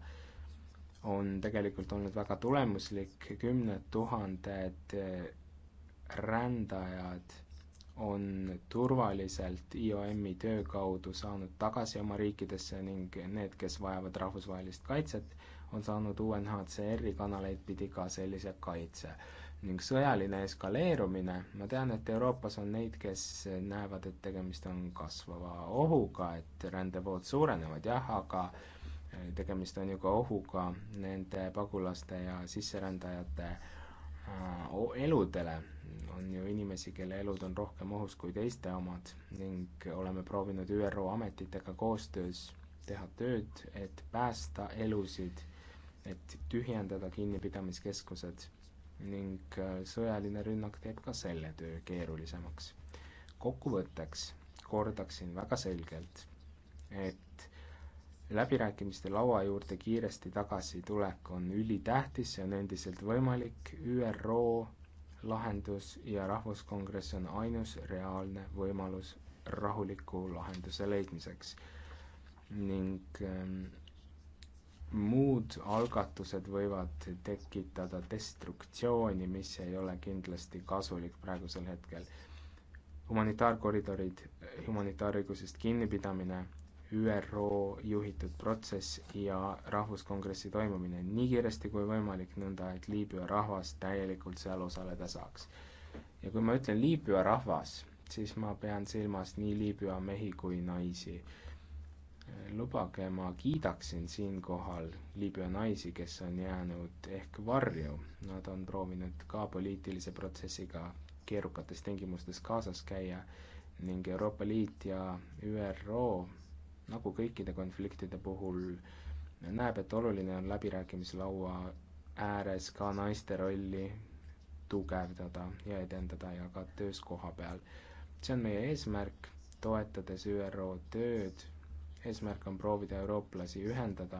on tegelikult olnud väga tulemuslik, kümned tuhanded eh, rändajad on turvaliselt IOM-i töö kaudu saanud tagasi oma riikidesse ning need, kes vajavad rahvusvahelist kaitset, on saanud UNHCR-i kanaleid pidi ka sellise kaitse. ning sõjaline eskaleerumine, ma tean, et Euroopas on neid, kes näevad, et tegemist on kasvava ohuga, et rändevood suurenevad jah, aga eh, tegemist on ju ka ohuga nende pagulaste ja sisserändajate eh, eludele, on ju inimesi, kelle elud on rohkem ohus kui teiste omad ning oleme proovinud ÜRO ametitega koostöös teha tööd, et päästa elusid et tühjendada kinnipidamiskeskused ning äh, sõjaline rünnak teeb ka selle töö keerulisemaks. kokkuvõtteks kordaksin väga selgelt, et läbirääkimiste laua juurde kiiresti tagasi tulek on ülitähtis, see on endiselt võimalik, ÜRO lahendus ja Rahvuskongress on ainus reaalne võimalus rahuliku lahenduse leidmiseks. ning ähm, muud algatused võivad tekitada destruktsiooni, mis ei ole kindlasti kasulik praegusel hetkel. humanitaarkoridorid, humanitaarõigusest kinnipidamine, ÜRO juhitud protsess ja rahvuskongressi toimumine nii kiiresti kui võimalik, nõnda et Liibüa rahvas täielikult seal osaleda saaks. ja kui ma ütlen Liibüa rahvas, siis ma pean silmas nii Liibüa mehi kui naisi lubage, ma kiidaksin siinkohal Liibüa naisi, kes on jäänud ehk varju. Nad on proovinud ka poliitilise protsessiga keerukates tingimustes kaasas käia ning Euroopa Liit ja ÜRO, nagu kõikide konfliktide puhul, näeb, et oluline on läbirääkimislaua ääres ka naiste rolli tugevdada ja edendada ja ka töös koha peal. see on meie eesmärk, toetades ÜRO tööd eesmärk on proovida eurooplasi ühendada.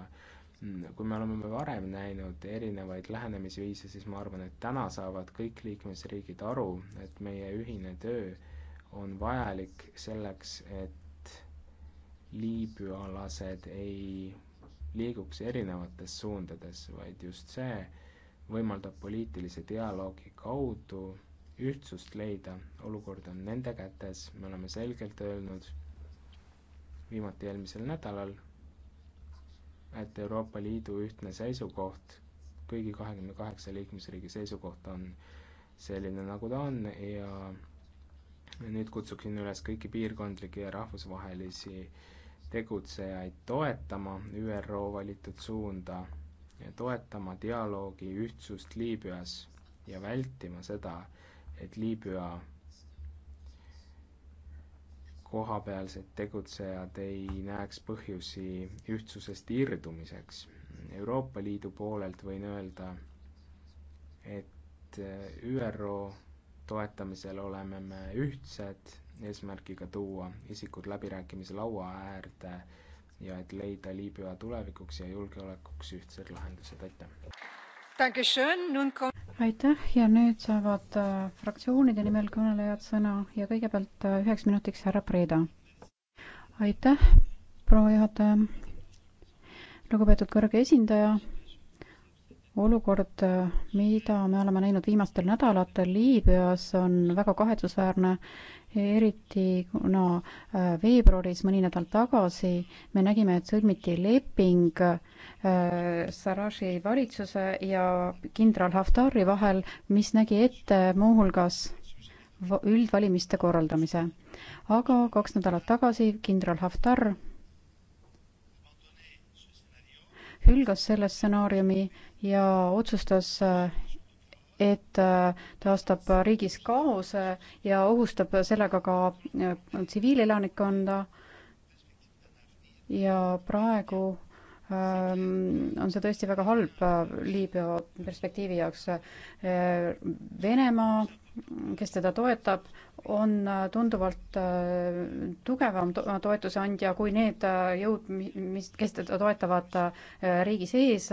Mm, kui me oleme varem näinud erinevaid lähenemisviise, siis ma arvan, et täna saavad kõik liikmesriigid aru, et meie ühine töö on vajalik selleks, et liibüalased ei liiguks erinevates suundades, vaid just see võimaldab poliitilise dialoogi kaudu ühtsust leida, olukord on nende kätes, me oleme selgelt öelnud, viimati eelmisel nädalal, et Euroopa Liidu ühtne seisukoht, kõigi kahekümne kaheksa liikmesriigi seisukoht on selline, nagu ta on ja nüüd kutsuksin üles kõiki piirkondlikke ja rahvusvahelisi tegutsejaid toetama ÜRO valitud suunda, toetama dialoogi ühtsust Liibüas ja vältima seda, et Liibüa kohapealsed tegutsejad ei näeks põhjusi ühtsusest irdumiseks. Euroopa Liidu poolelt võin öelda, et äh, ÜRO toetamisel oleme me ühtsed, eesmärgiga tuua isikud läbirääkimise laua äärde ja et leida Liibüa tulevikuks ja julgeolekuks ühtsed lahendused, aitäh! aitäh ja nüüd saavad äh, fraktsioonide nimel kõnelejad sõna ja kõigepealt äh, üheks minutiks härra Preda. aitäh, proua juhataja. lugupeetud kõrge esindaja olukord, mida me oleme näinud viimastel nädalatel Liibüas, on väga kahetsusväärne, eriti kuna no, äh, veebruaris, mõni nädal tagasi, me nägime, et sõlmiti leping äh, Sarajevi valitsuse ja kindral Haftari vahel, mis nägi ette muuhulgas üldvalimiste korraldamise. aga kaks nädalat tagasi kindral Haftar hülgas selle stsenaariumi ja otsustas et taastab riigis kaose ja ohustab sellega ka äh, tsiviilelanikkonda. ja praegu ähm, on see tõesti väga halb äh, Liibüa perspektiivi jaoks. Äh, Venemaa kes teda toetab, on äh, tunduvalt äh, tugevam toetuse andja kui need äh, jõud, mis, kes teda toetavad riigi sees.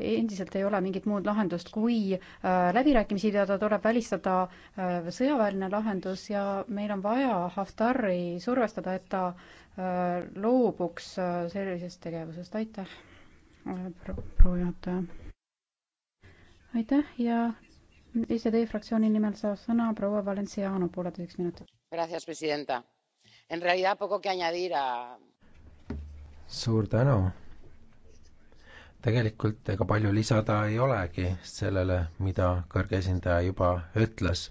endiselt ei ole mingit muud lahendust, kui läbirääkimisi pidada, tuleb välistada sõjaväeline lahendus ja meil on vaja Haftari survestada, et ta loobuks sellisest tegevusest, aitäh pro, proua juhataja. aitäh ja SD e fraktsiooni nimel saab sõna proua Valenciano pooleteiseks minutiks. suur tänu. tegelikult ega palju lisada ei olegi sellele, mida kõrge esindaja juba ütles.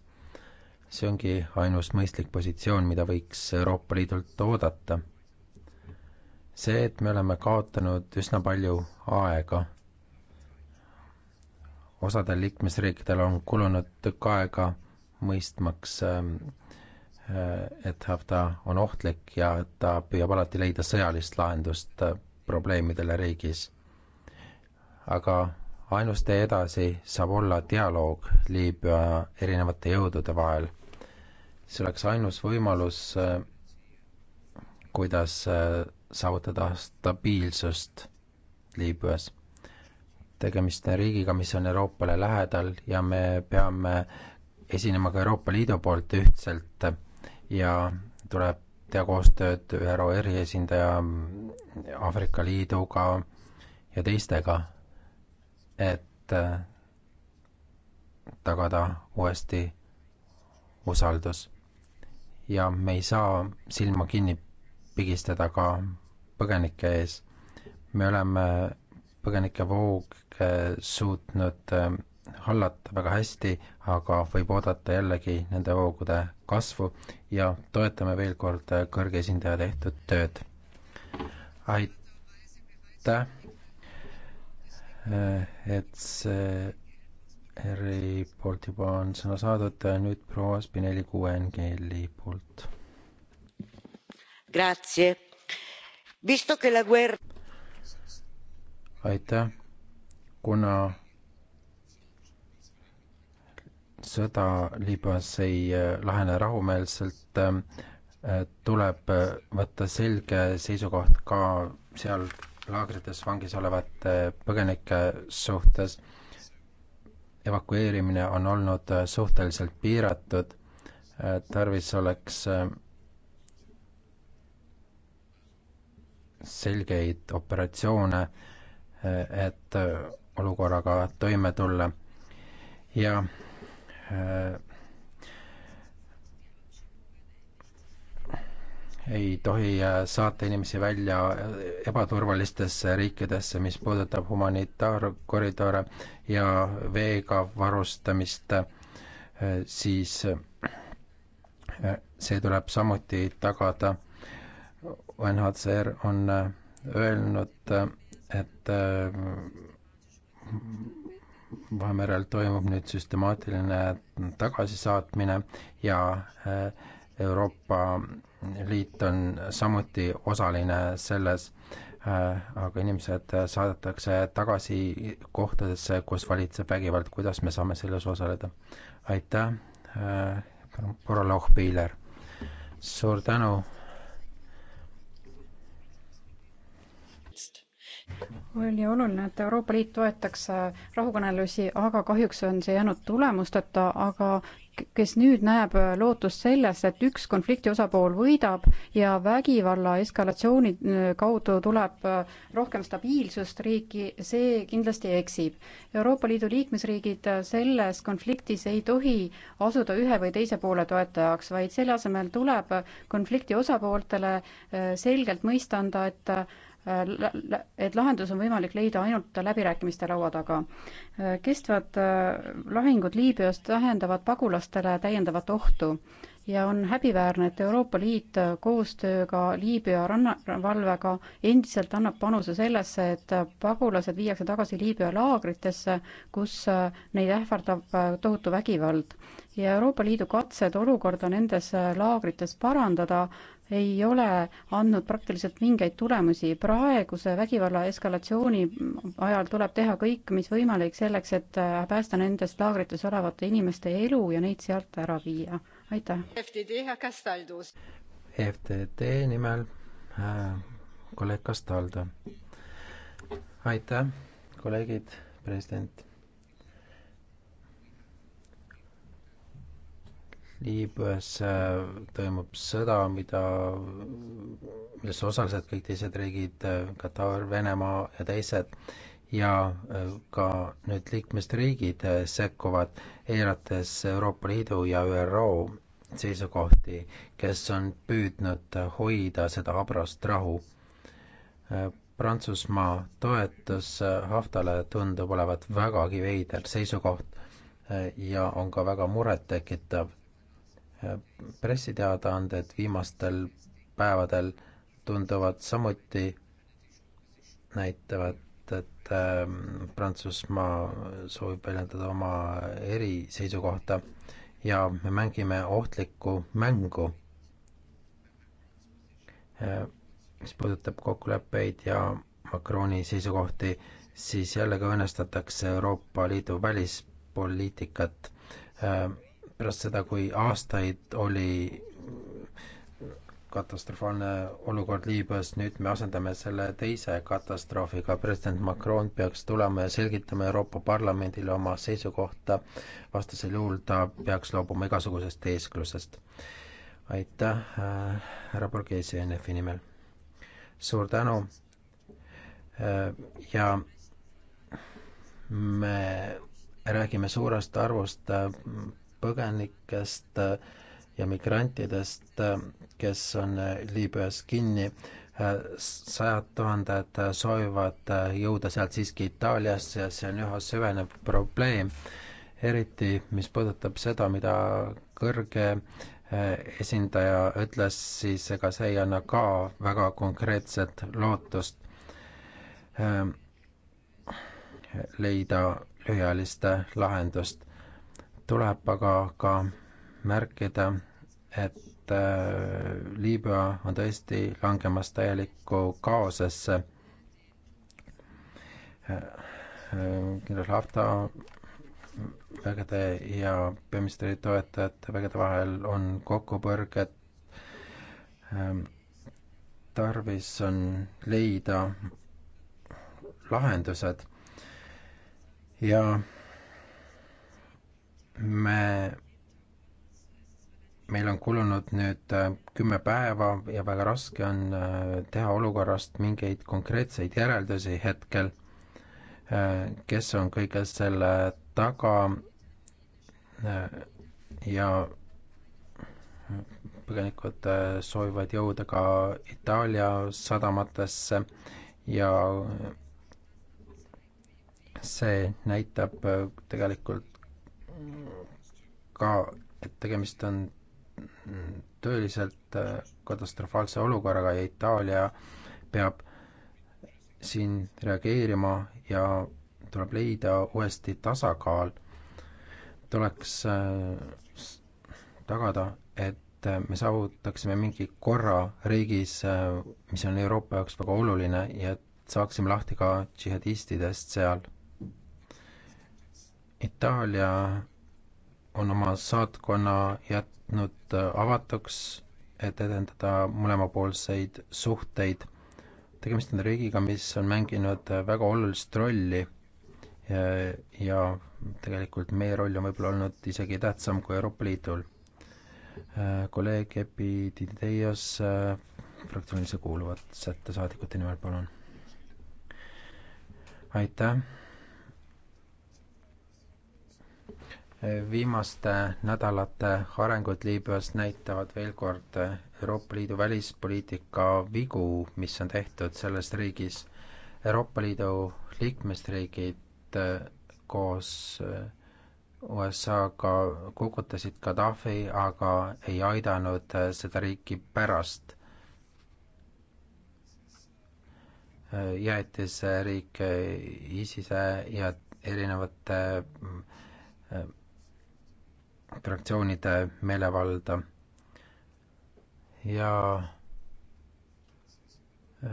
see ongi ainus mõistlik positsioon, mida võiks Euroopa Liidult oodata see, et me oleme kaotanud üsna palju aega osadel liikmesriikidel on kulunud tükk aega mõistmaks, ähm, äh, et Hafta on ohtlik ja et ta püüab alati leida sõjalist lahendust äh, probleemidele riigis. aga ainus tee edasi saab olla dialoog Liibüa erinevate jõudude vahel. see oleks ainus võimalus, äh, kuidas saavutada stabiilsust Liibüas tegemist on riigiga, mis on Euroopale lähedal ja me peame esinema ka Euroopa Liidu poolt ühtselt ja tuleb teha koostööd ÜRO eriesindaja, Aafrika Liiduga ja teistega, et tagada uuesti usaldus. ja me ei saa silma kinni pigistada ka põgenike ees. me oleme põgenike voog, Äh, suutnud äh, hallata väga hästi, aga võib oodata jällegi nende hoogude kasvu ja toetame veel kord äh, kõrge esindaja tehtud tööd. aitäh, et see ERR-i poolt juba on sõna saadud, nüüd proua Spinelli QNGL-i poolt. aitäh kuna sõda Liibüas ei äh, lahene rahumeelselt, ähm, äh, tuleb äh, võtta selge seisukoht ka seal laagrites vangis olevate põgenike suhtes. evakueerimine on olnud suhteliselt piiratud, tarvis oleks selgeid operatsioone, et olukorraga toime tulla ja äh, ei tohi äh, saata inimesi välja äh, ebaturvalistesse riikidesse, mis puudutab humanitaarkoridore ja veega varustamist, äh, siis see tuleb samuti tagada. UNHCR on öelnud, et Vahemerel toimub nüüd süstemaatiline tagasisaatmine ja äh, Euroopa Liit on samuti osaline selles, äh, aga inimesed saadetakse tagasi kohtadesse, kus valitseb vägivald, kuidas me saame selles osaleda? aitäh, Borrelov-Piiler! Äh, suur tänu! oli oluline, et Euroopa Liit toetaks äh, rahukõnelusi, aga kahjuks on see jäänud tulemusteta, aga kes nüüd näeb äh, lootust selles, et üks konflikti osapool võidab ja vägivalla eskalatsiooni äh, kaudu tuleb rohkem stabiilsust riiki, see kindlasti eksib. Euroopa Liidu liikmesriigid selles konfliktis ei tohi asuda ühe või teise poole toetajaks, vaid selle asemel tuleb konflikti osapooltele selgelt mõista anda, et Äh, et lahendus on võimalik leida ainult läbirääkimiste laua taga. Äh, kestvad äh, lahingud Liibüas tähendavad pagulastele täiendavat ohtu ja on häbiväärne, et Euroopa Liit koostööga Liibüa rannavalvega endiselt annab panuse sellesse, et pagulased viiakse tagasi Liibüa laagritesse, kus neid ähvardab tohutu vägivald. ja Euroopa Liidu katsed olukorda nendes laagrites parandada ei ole andnud praktiliselt mingeid tulemusi. praeguse vägivalla eskalatsiooni ajal tuleb teha kõik, mis võimalik selleks, et äh, päästa nendes laagrites olevate inimeste elu ja neid sealt ära viia. aitäh. FTD nimel äh, kolleeg Castaldo. aitäh, kolleegid, president Liibüas äh, toimub sõda, mida, milles osalevad kõik teised riigid, äh, Katar, Venemaa ja teised, ja äh, ka nüüd liikmesriigid sekkuvad, eirates Euroopa Liidu ja ÜRO seisukohti, kes on püüdnud hoida seda habrast rahu. Prantsusmaa toetus Haftale tundub olevat vägagi veider seisukoht ja on ka väga murettekitav pressiteadaanded viimastel päevadel tunduvad samuti näitavat, et ähm, Prantsusmaa soovib väljendada oma eriseisukohta ja me mängime ohtlikku mängu, äh, mis puudutab kokkuleppeid ja Macroni seisukohti, siis jälle ka õõnestatakse Euroopa Liidu välispoliitikat äh, pärast seda, kui aastaid oli katastrofaalne olukord Liibüas, nüüd me asendame selle teise katastroofiga. president Macron peaks tulema ja selgitama Euroopa Parlamendile oma seisukohta, vastasel juhul ta peaks loobuma igasugusest eesklusest. aitäh äh,, härra Borghese NF-i nimel. suur tänu äh, ja me räägime suurest arvust äh, põgenikest äh, ja migrantidest, äh, kes on äh, Liibüas kinni. sajad tuhanded soovivad jõuda sealt siiski Itaaliasse ja see on üha süvenev probleem. eriti, mis puudutab seda, mida kõrge esindaja ütles, siis ega see ei anna ka väga konkreetset lootust leida lühiajalist lahendust tuleb aga ka märkida, et äh, Liibüa on tõesti langemas täielikku kaosesse. kindral Haftar vägede ja peaministri toetajate vägede vahel on kokkupõrged. Ähm, tarvis on leida lahendused ja me, meil on kulunud nüüd äh, kümme päeva ja väga raske on äh, teha olukorrast mingeid konkreetseid järeldusi hetkel, äh, kes on kõige selle taga ja põgenikud soovivad jõuda ka Itaalia sadamatesse ja see näitab tegelikult ka, et tegemist on mm, tõeliselt äh, katastrofaalse olukorraga ja Itaalia peab siin reageerima ja tuleb leida uuesti tasakaal. tuleks äh, tagada, et äh, me saavutaksime mingi korra riigis, mis on Euroopa jaoks väga oluline ja et saaksime lahti ka džihadistidest seal Itaalia on oma saatkonna jätnud äh, avatuks, et edendada mõlemapoolseid suhteid. tegemist on riigiga, mis on mänginud äh, väga olulist rolli ja, ja tegelikult meie roll on võib-olla olnud isegi tähtsam kui Euroopa Liidul. Äh, kolleeg Epi Dideios fraktsioonisse kuuluvat sättesaadikute nimel, palun. aitäh viimaste nädalate arengud Liibüas näitavad veel kord Euroopa Liidu välispoliitika vigu, mis on tehtud selles riigis. Euroopa Liidu liikmesriigid äh, koos äh, USA-ga kukutasid Gaddafi, aga ei aidanud äh, seda riiki pärast. jäeti see riik ISISe ja erinevate mm, fraktsioonide meelevalda ja äh,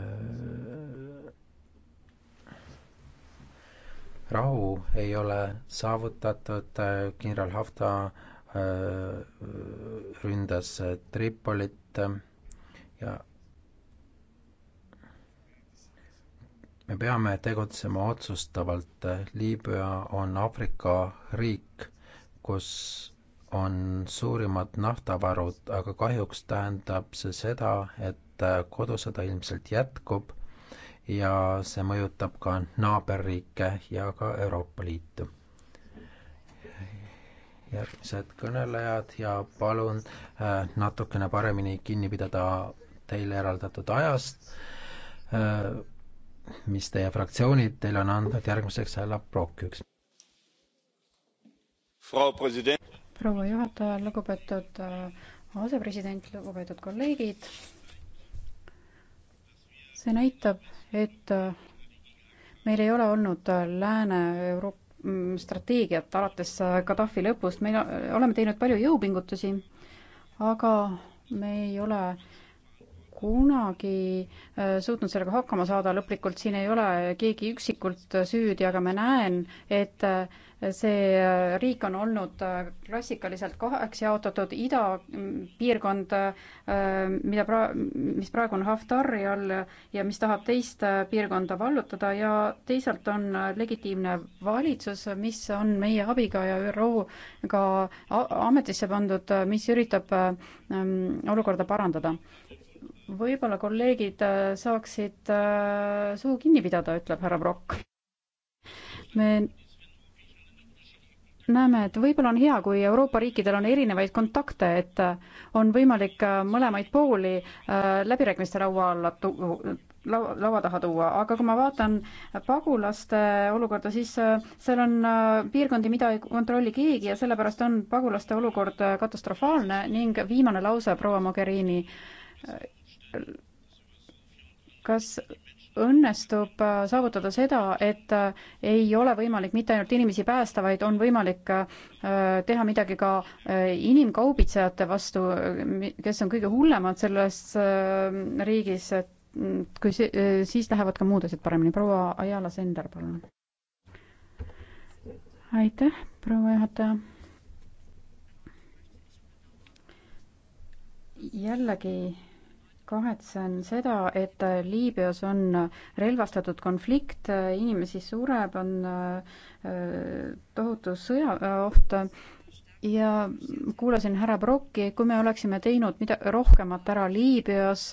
rahu ei ole saavutatud, kindral Hafta äh, ründas Tripolit ja me peame tegutsema otsustavalt. Liibüa on Aafrika riik, kus on suurimad naftavarud, aga kahjuks tähendab see seda, et äh, kodusõda ilmselt jätkub ja see mõjutab ka naaberriike ja ka Euroopa Liitu. järgmised kõnelejad ja palun äh, natukene paremini kinni pidada teile eraldatud ajast, äh, mis teie fraktsioonid teile on andnud, järgmiseks härra Brock, üks. Frau Präsident proua juhataja, lugupeetud äh, asepresident, lugupeetud kolleegid. see näitab, et äh, meil ei ole olnud äh, Lääne-Euroopa mm, strateegiat alates Gaddafi lõpust, me oleme teinud palju jõupingutusi, aga me ei ole kunagi suutnud sellega hakkama saada lõplikult, siin ei ole keegi üksikult süüdi, aga ma näen, et see äh, riik on olnud äh, klassikaliselt kaheks jaotatud, idapiirkond, mm, äh, mida pra-, mis praegu on Haftari all ja mis tahab teist piirkonda vallutada ja teisalt on legitiimne valitsus, mis on meie abiga ja ÜRO-ga ametisse pandud, mis üritab mm, olukorda parandada võib-olla kolleegid saaksid suu kinni pidada, ütleb härra Brock. me näeme, et võib-olla on hea, kui Euroopa riikidel on erinevaid kontakte, et äh, on võimalik äh, mõlemaid pooli äh, läbirääkimiste laua alla laua, laua taha tuua, aga kui ma vaatan pagulaste olukorda, siis seal on piirkondi, mida ei kontrolli keegi ja sellepärast on pagulaste olukord katastrofaalne ning viimane lause, proua Mogherini, kas õnnestub äh, saavutada seda, et äh, ei ole võimalik mitte ainult inimesi päästa, vaid on võimalik äh, teha midagi ka inimkaubitsejate vastu, kes on kõige hullemad selles riigis, et mm, kui see, siis lähevad ka muud asjad paremini. proua Ajala Sender, palun. aitäh, proua juhataja. jällegi kahetsen seda, et Liibüas on relvastatud konflikt, inimesi sureb, on äh, tohutu sõjaoht ja kuulasin härra Brocki, kui me oleksime teinud mida rohkemat ära Liibüas,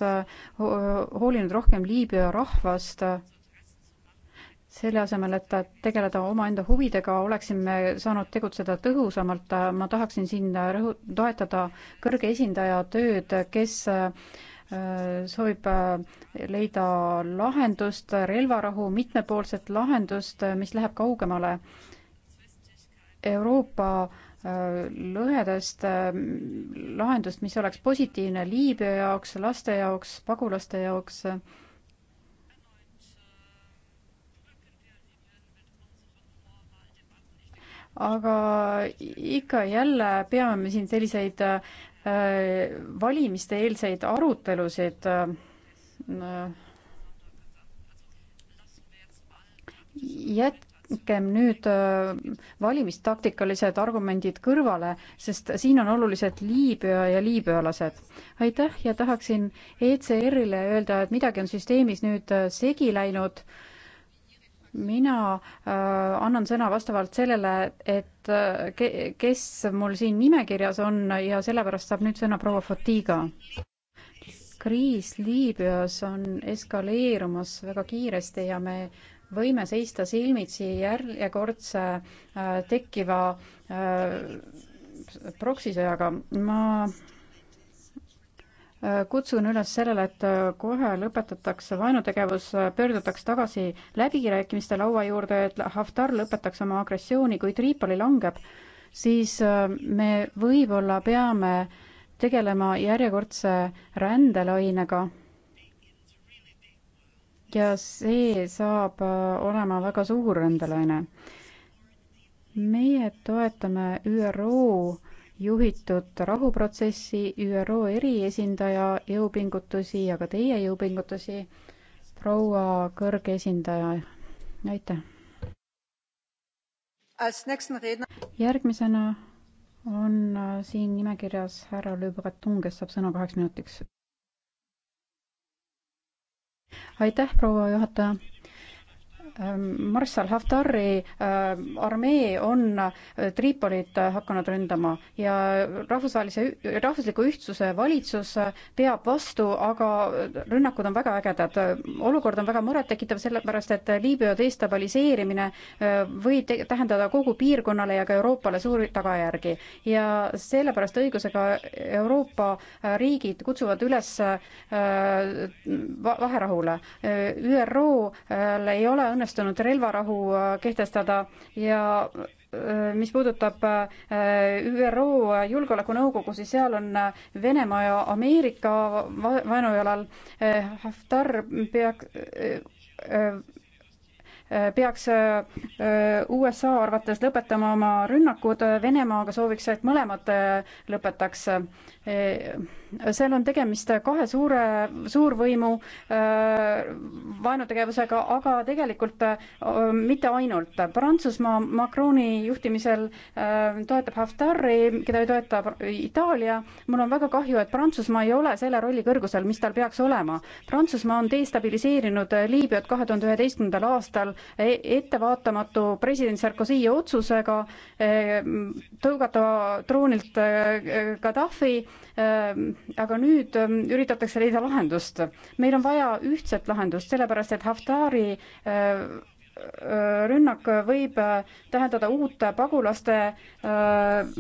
hoolinud rohkem Liibüa rahvast, selle asemel, et tegeleda omaenda huvidega, oleksime saanud tegutseda tõhusamalt. ma tahaksin siin rõhu-, toetada kõrge esindaja tööd, kes äh, soovib äh, leida lahendust, relvarahu mitmepoolset lahendust, äh, mis läheb kaugemale Euroopa äh, lõhedest lahendust, mis oleks positiivne Liibüa jaoks, laste jaoks, pagulaste jaoks aga ikka ja jälle peame me siin selliseid valimiste eelseid arutelusid jätkem nüüd äh, valimistaktikalised argumendid kõrvale, sest siin on olulised Liibüa ja liibüalased. aitäh ja tahaksin ECR-ile öelda, et midagi on süsteemis nüüd äh, segi läinud äh, mina äh, annan sõna vastavalt sellele, et äh, ke, kes mul siin nimekirjas on ja sellepärast saab nüüd sõna proua Fotiga. kriis Liibüas on eskaleerumas väga kiiresti ja me võime seista silmitsi järjekordse äh, tekkiva äh, proksisõjaga. ma kutsun üles sellele, et kohe lõpetatakse vaenutegevus, pöördutakse tagasi läbirääkimiste laua juurde, et Haftar lõpetaks oma agressiooni, kui Tripoli langeb, siis äh, me võib-olla peame tegelema järjekordse rändelainega. ja see saab äh, olema väga suur rändelaine. meie toetame ÜRO juhitud rahuprotsessi, ÜRO eriesindaja jõupingutusi ja ka teie jõupingutusi, proua kõrge esindaja, aitäh! järgmisena on äh, siin nimekirjas härra Le Breton, kes saab sõna kaheks minutiks. aitäh, proua juhataja! Ähm, marssal Haftari äh, armee on äh, Tripolit äh, hakanud ründama ja rahvusvahelise, rahvusliku ühtsuse valitsus peab vastu, aga rünnakud on väga ägedad. olukord on väga murettekitav, sellepärast et Liibüa destabiliseerimine võib tähendada kogu piirkonnale ja ka Euroopale suuri tagajärgi. ja sellepärast õigusega Euroopa riigid kutsuvad üles vaherahule. ÜRO-l ei ole õnne õnnestunud relvarahu äh, kehtestada ja äh, mis puudutab äh, ÜRO Julgeolekunõukogu, siis seal on Venemaa ja Ameerika vaenujalal. Haftar peaks peaks USA arvates lõpetama oma rünnakud Venemaaga, sooviks, et mõlemad lõpetaks seal on tegemist kahe suure, suurvõimu äh, vaenutegevusega, aga tegelikult äh, mitte ainult. Prantsusmaa Macroni juhtimisel äh, toetab Haftari, keda ei toeta Itaalia. mul on väga kahju, et Prantsusmaa ei ole selle rolli kõrgusel, mis tal peaks olema. Prantsusmaa on destabiliseerinud Liibüat kahe tuhande üheteistkümnendal aastal e-, ettevaatamatu president Sarkozy otsusega tõugata troonilt Gaddafi Ehm, aga nüüd ehm, üritatakse leida lahendust. meil on vaja ühtset lahendust, sellepärast et Haftari ehm, rünnak võib tähendada uut pagulaste äh,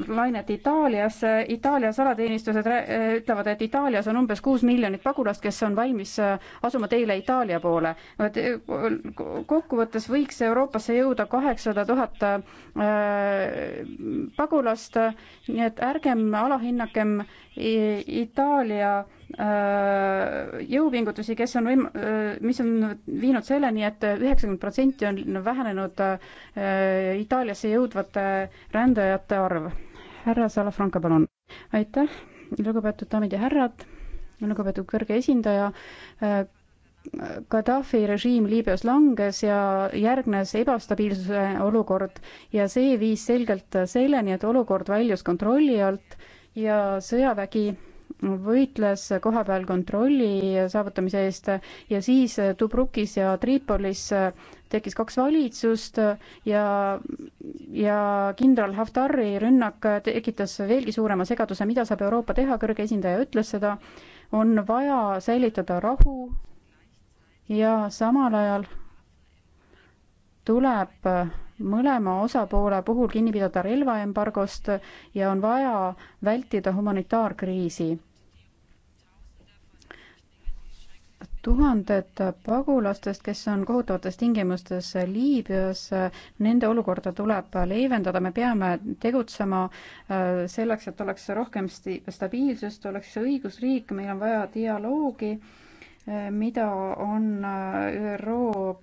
lainet Itaaliasse. Itaalia salateenistused äh, ütlevad, et Itaalias on umbes kuus miljonit pagulast, kes on valmis äh, asuma teile Itaalia poole. kokkuvõttes võiks Euroopasse jõuda kaheksasada tuhat pagulast, nii et ärgem alahinnakem Itaalia äh, jõupingutusi, kes on võim-, äh, mis on viinud selleni, et üheksakümmend protsenti on vähenenud äh, Itaaliasse jõudvate rändajate arv. härra Salafranca, palun. aitäh, lugupeetud daamid ja härrad, lugupeetud kõrge esindaja. Gaddafi režiim Liibüas langes ja järgnes ebastabiilsuse olukord ja see viis selgelt selleni, et olukord väljus kontrolli alt ja sõjavägi võitles kohapeal kontrolli saavutamise eest ja siis Tubrukis ja Tripolis tekkis kaks valitsust ja, ja kindral Haftari rünnak tekitas veelgi suurema segaduse, mida saab Euroopa teha, kõrge esindaja ütles seda, on vaja säilitada rahu ja samal ajal tuleb mõlema osapoole puhul kinni pidada relvaembargost ja on vaja vältida humanitaarkriisi. tuhanded pagulastest, kes on kohutavates tingimustes Liibüas, nende olukorda tuleb leevendada, me peame tegutsema äh, selleks, et oleks rohkem stabiilsust, oleks õigusriik, meil on vaja dialoogi mida on äh, ÜRO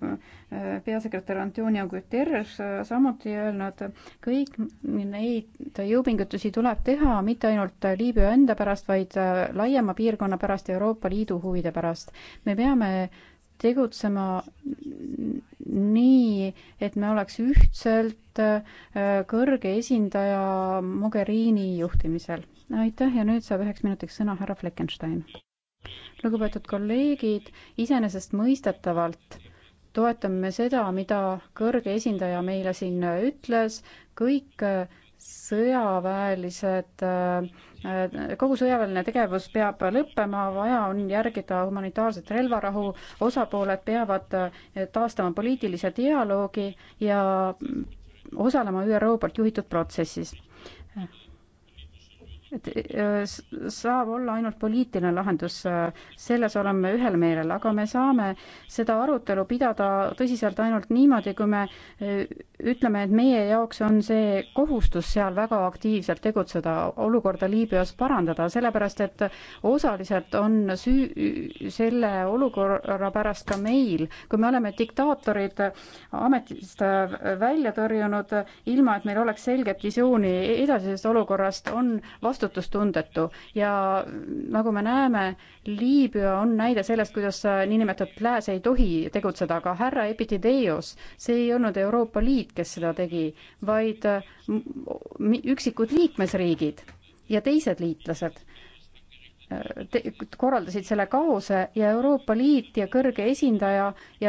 äh, peasekretär Antonio Guterres äh, samuti öelnud, kõik neid jõupingutusi tuleb teha mitte ainult Liibüa enda pärast, vaid laiema piirkonna pärast ja Euroopa Liidu huvide pärast. me peame tegutsema nii, et me oleks ühtselt kõrge esindaja Mogherini juhtimisel. aitäh ja nüüd saab üheks minutiks sõna härra Fleckenstein lugupeetud kolleegid, iseenesestmõistetavalt toetame seda, mida kõrge esindaja meile siin ütles, kõik äh, sõjaväelised, äh, kogu sõjaväeline tegevus peab lõppema, vaja on järgida humanitaarset relvarahu, osapooled peavad äh, taastama poliitilise dialoogi ja osalema ÜRO poolt juhitud protsessis Äh, saab olla ainult poliitiline lahendus, äh, selles oleme ühel meelel, aga me saame seda arutelu pidada tõsiselt ainult niimoodi, kui me äh, ütleme, et meie jaoks on see kohustus seal väga aktiivselt tegutseda, olukorda Liibüas parandada, sellepärast et osaliselt on süü selle olukorra pärast ka meil, kui me oleme diktaatorid ametist välja tõrjunud, ilma et meil oleks selget visiooni edasisest olukorrast, on vastu vastutustundetu ja nagu me näeme, Liibüa on näide sellest, kuidas niinimetatud lääs ei tohi tegutseda, aga härra Epitideios, see ei olnud Euroopa Liit, kes seda tegi, vaid mm, üksikud liikmesriigid ja teised liitlased äh, te korraldasid selle kaose ja Euroopa Liit ja kõrge esindaja ja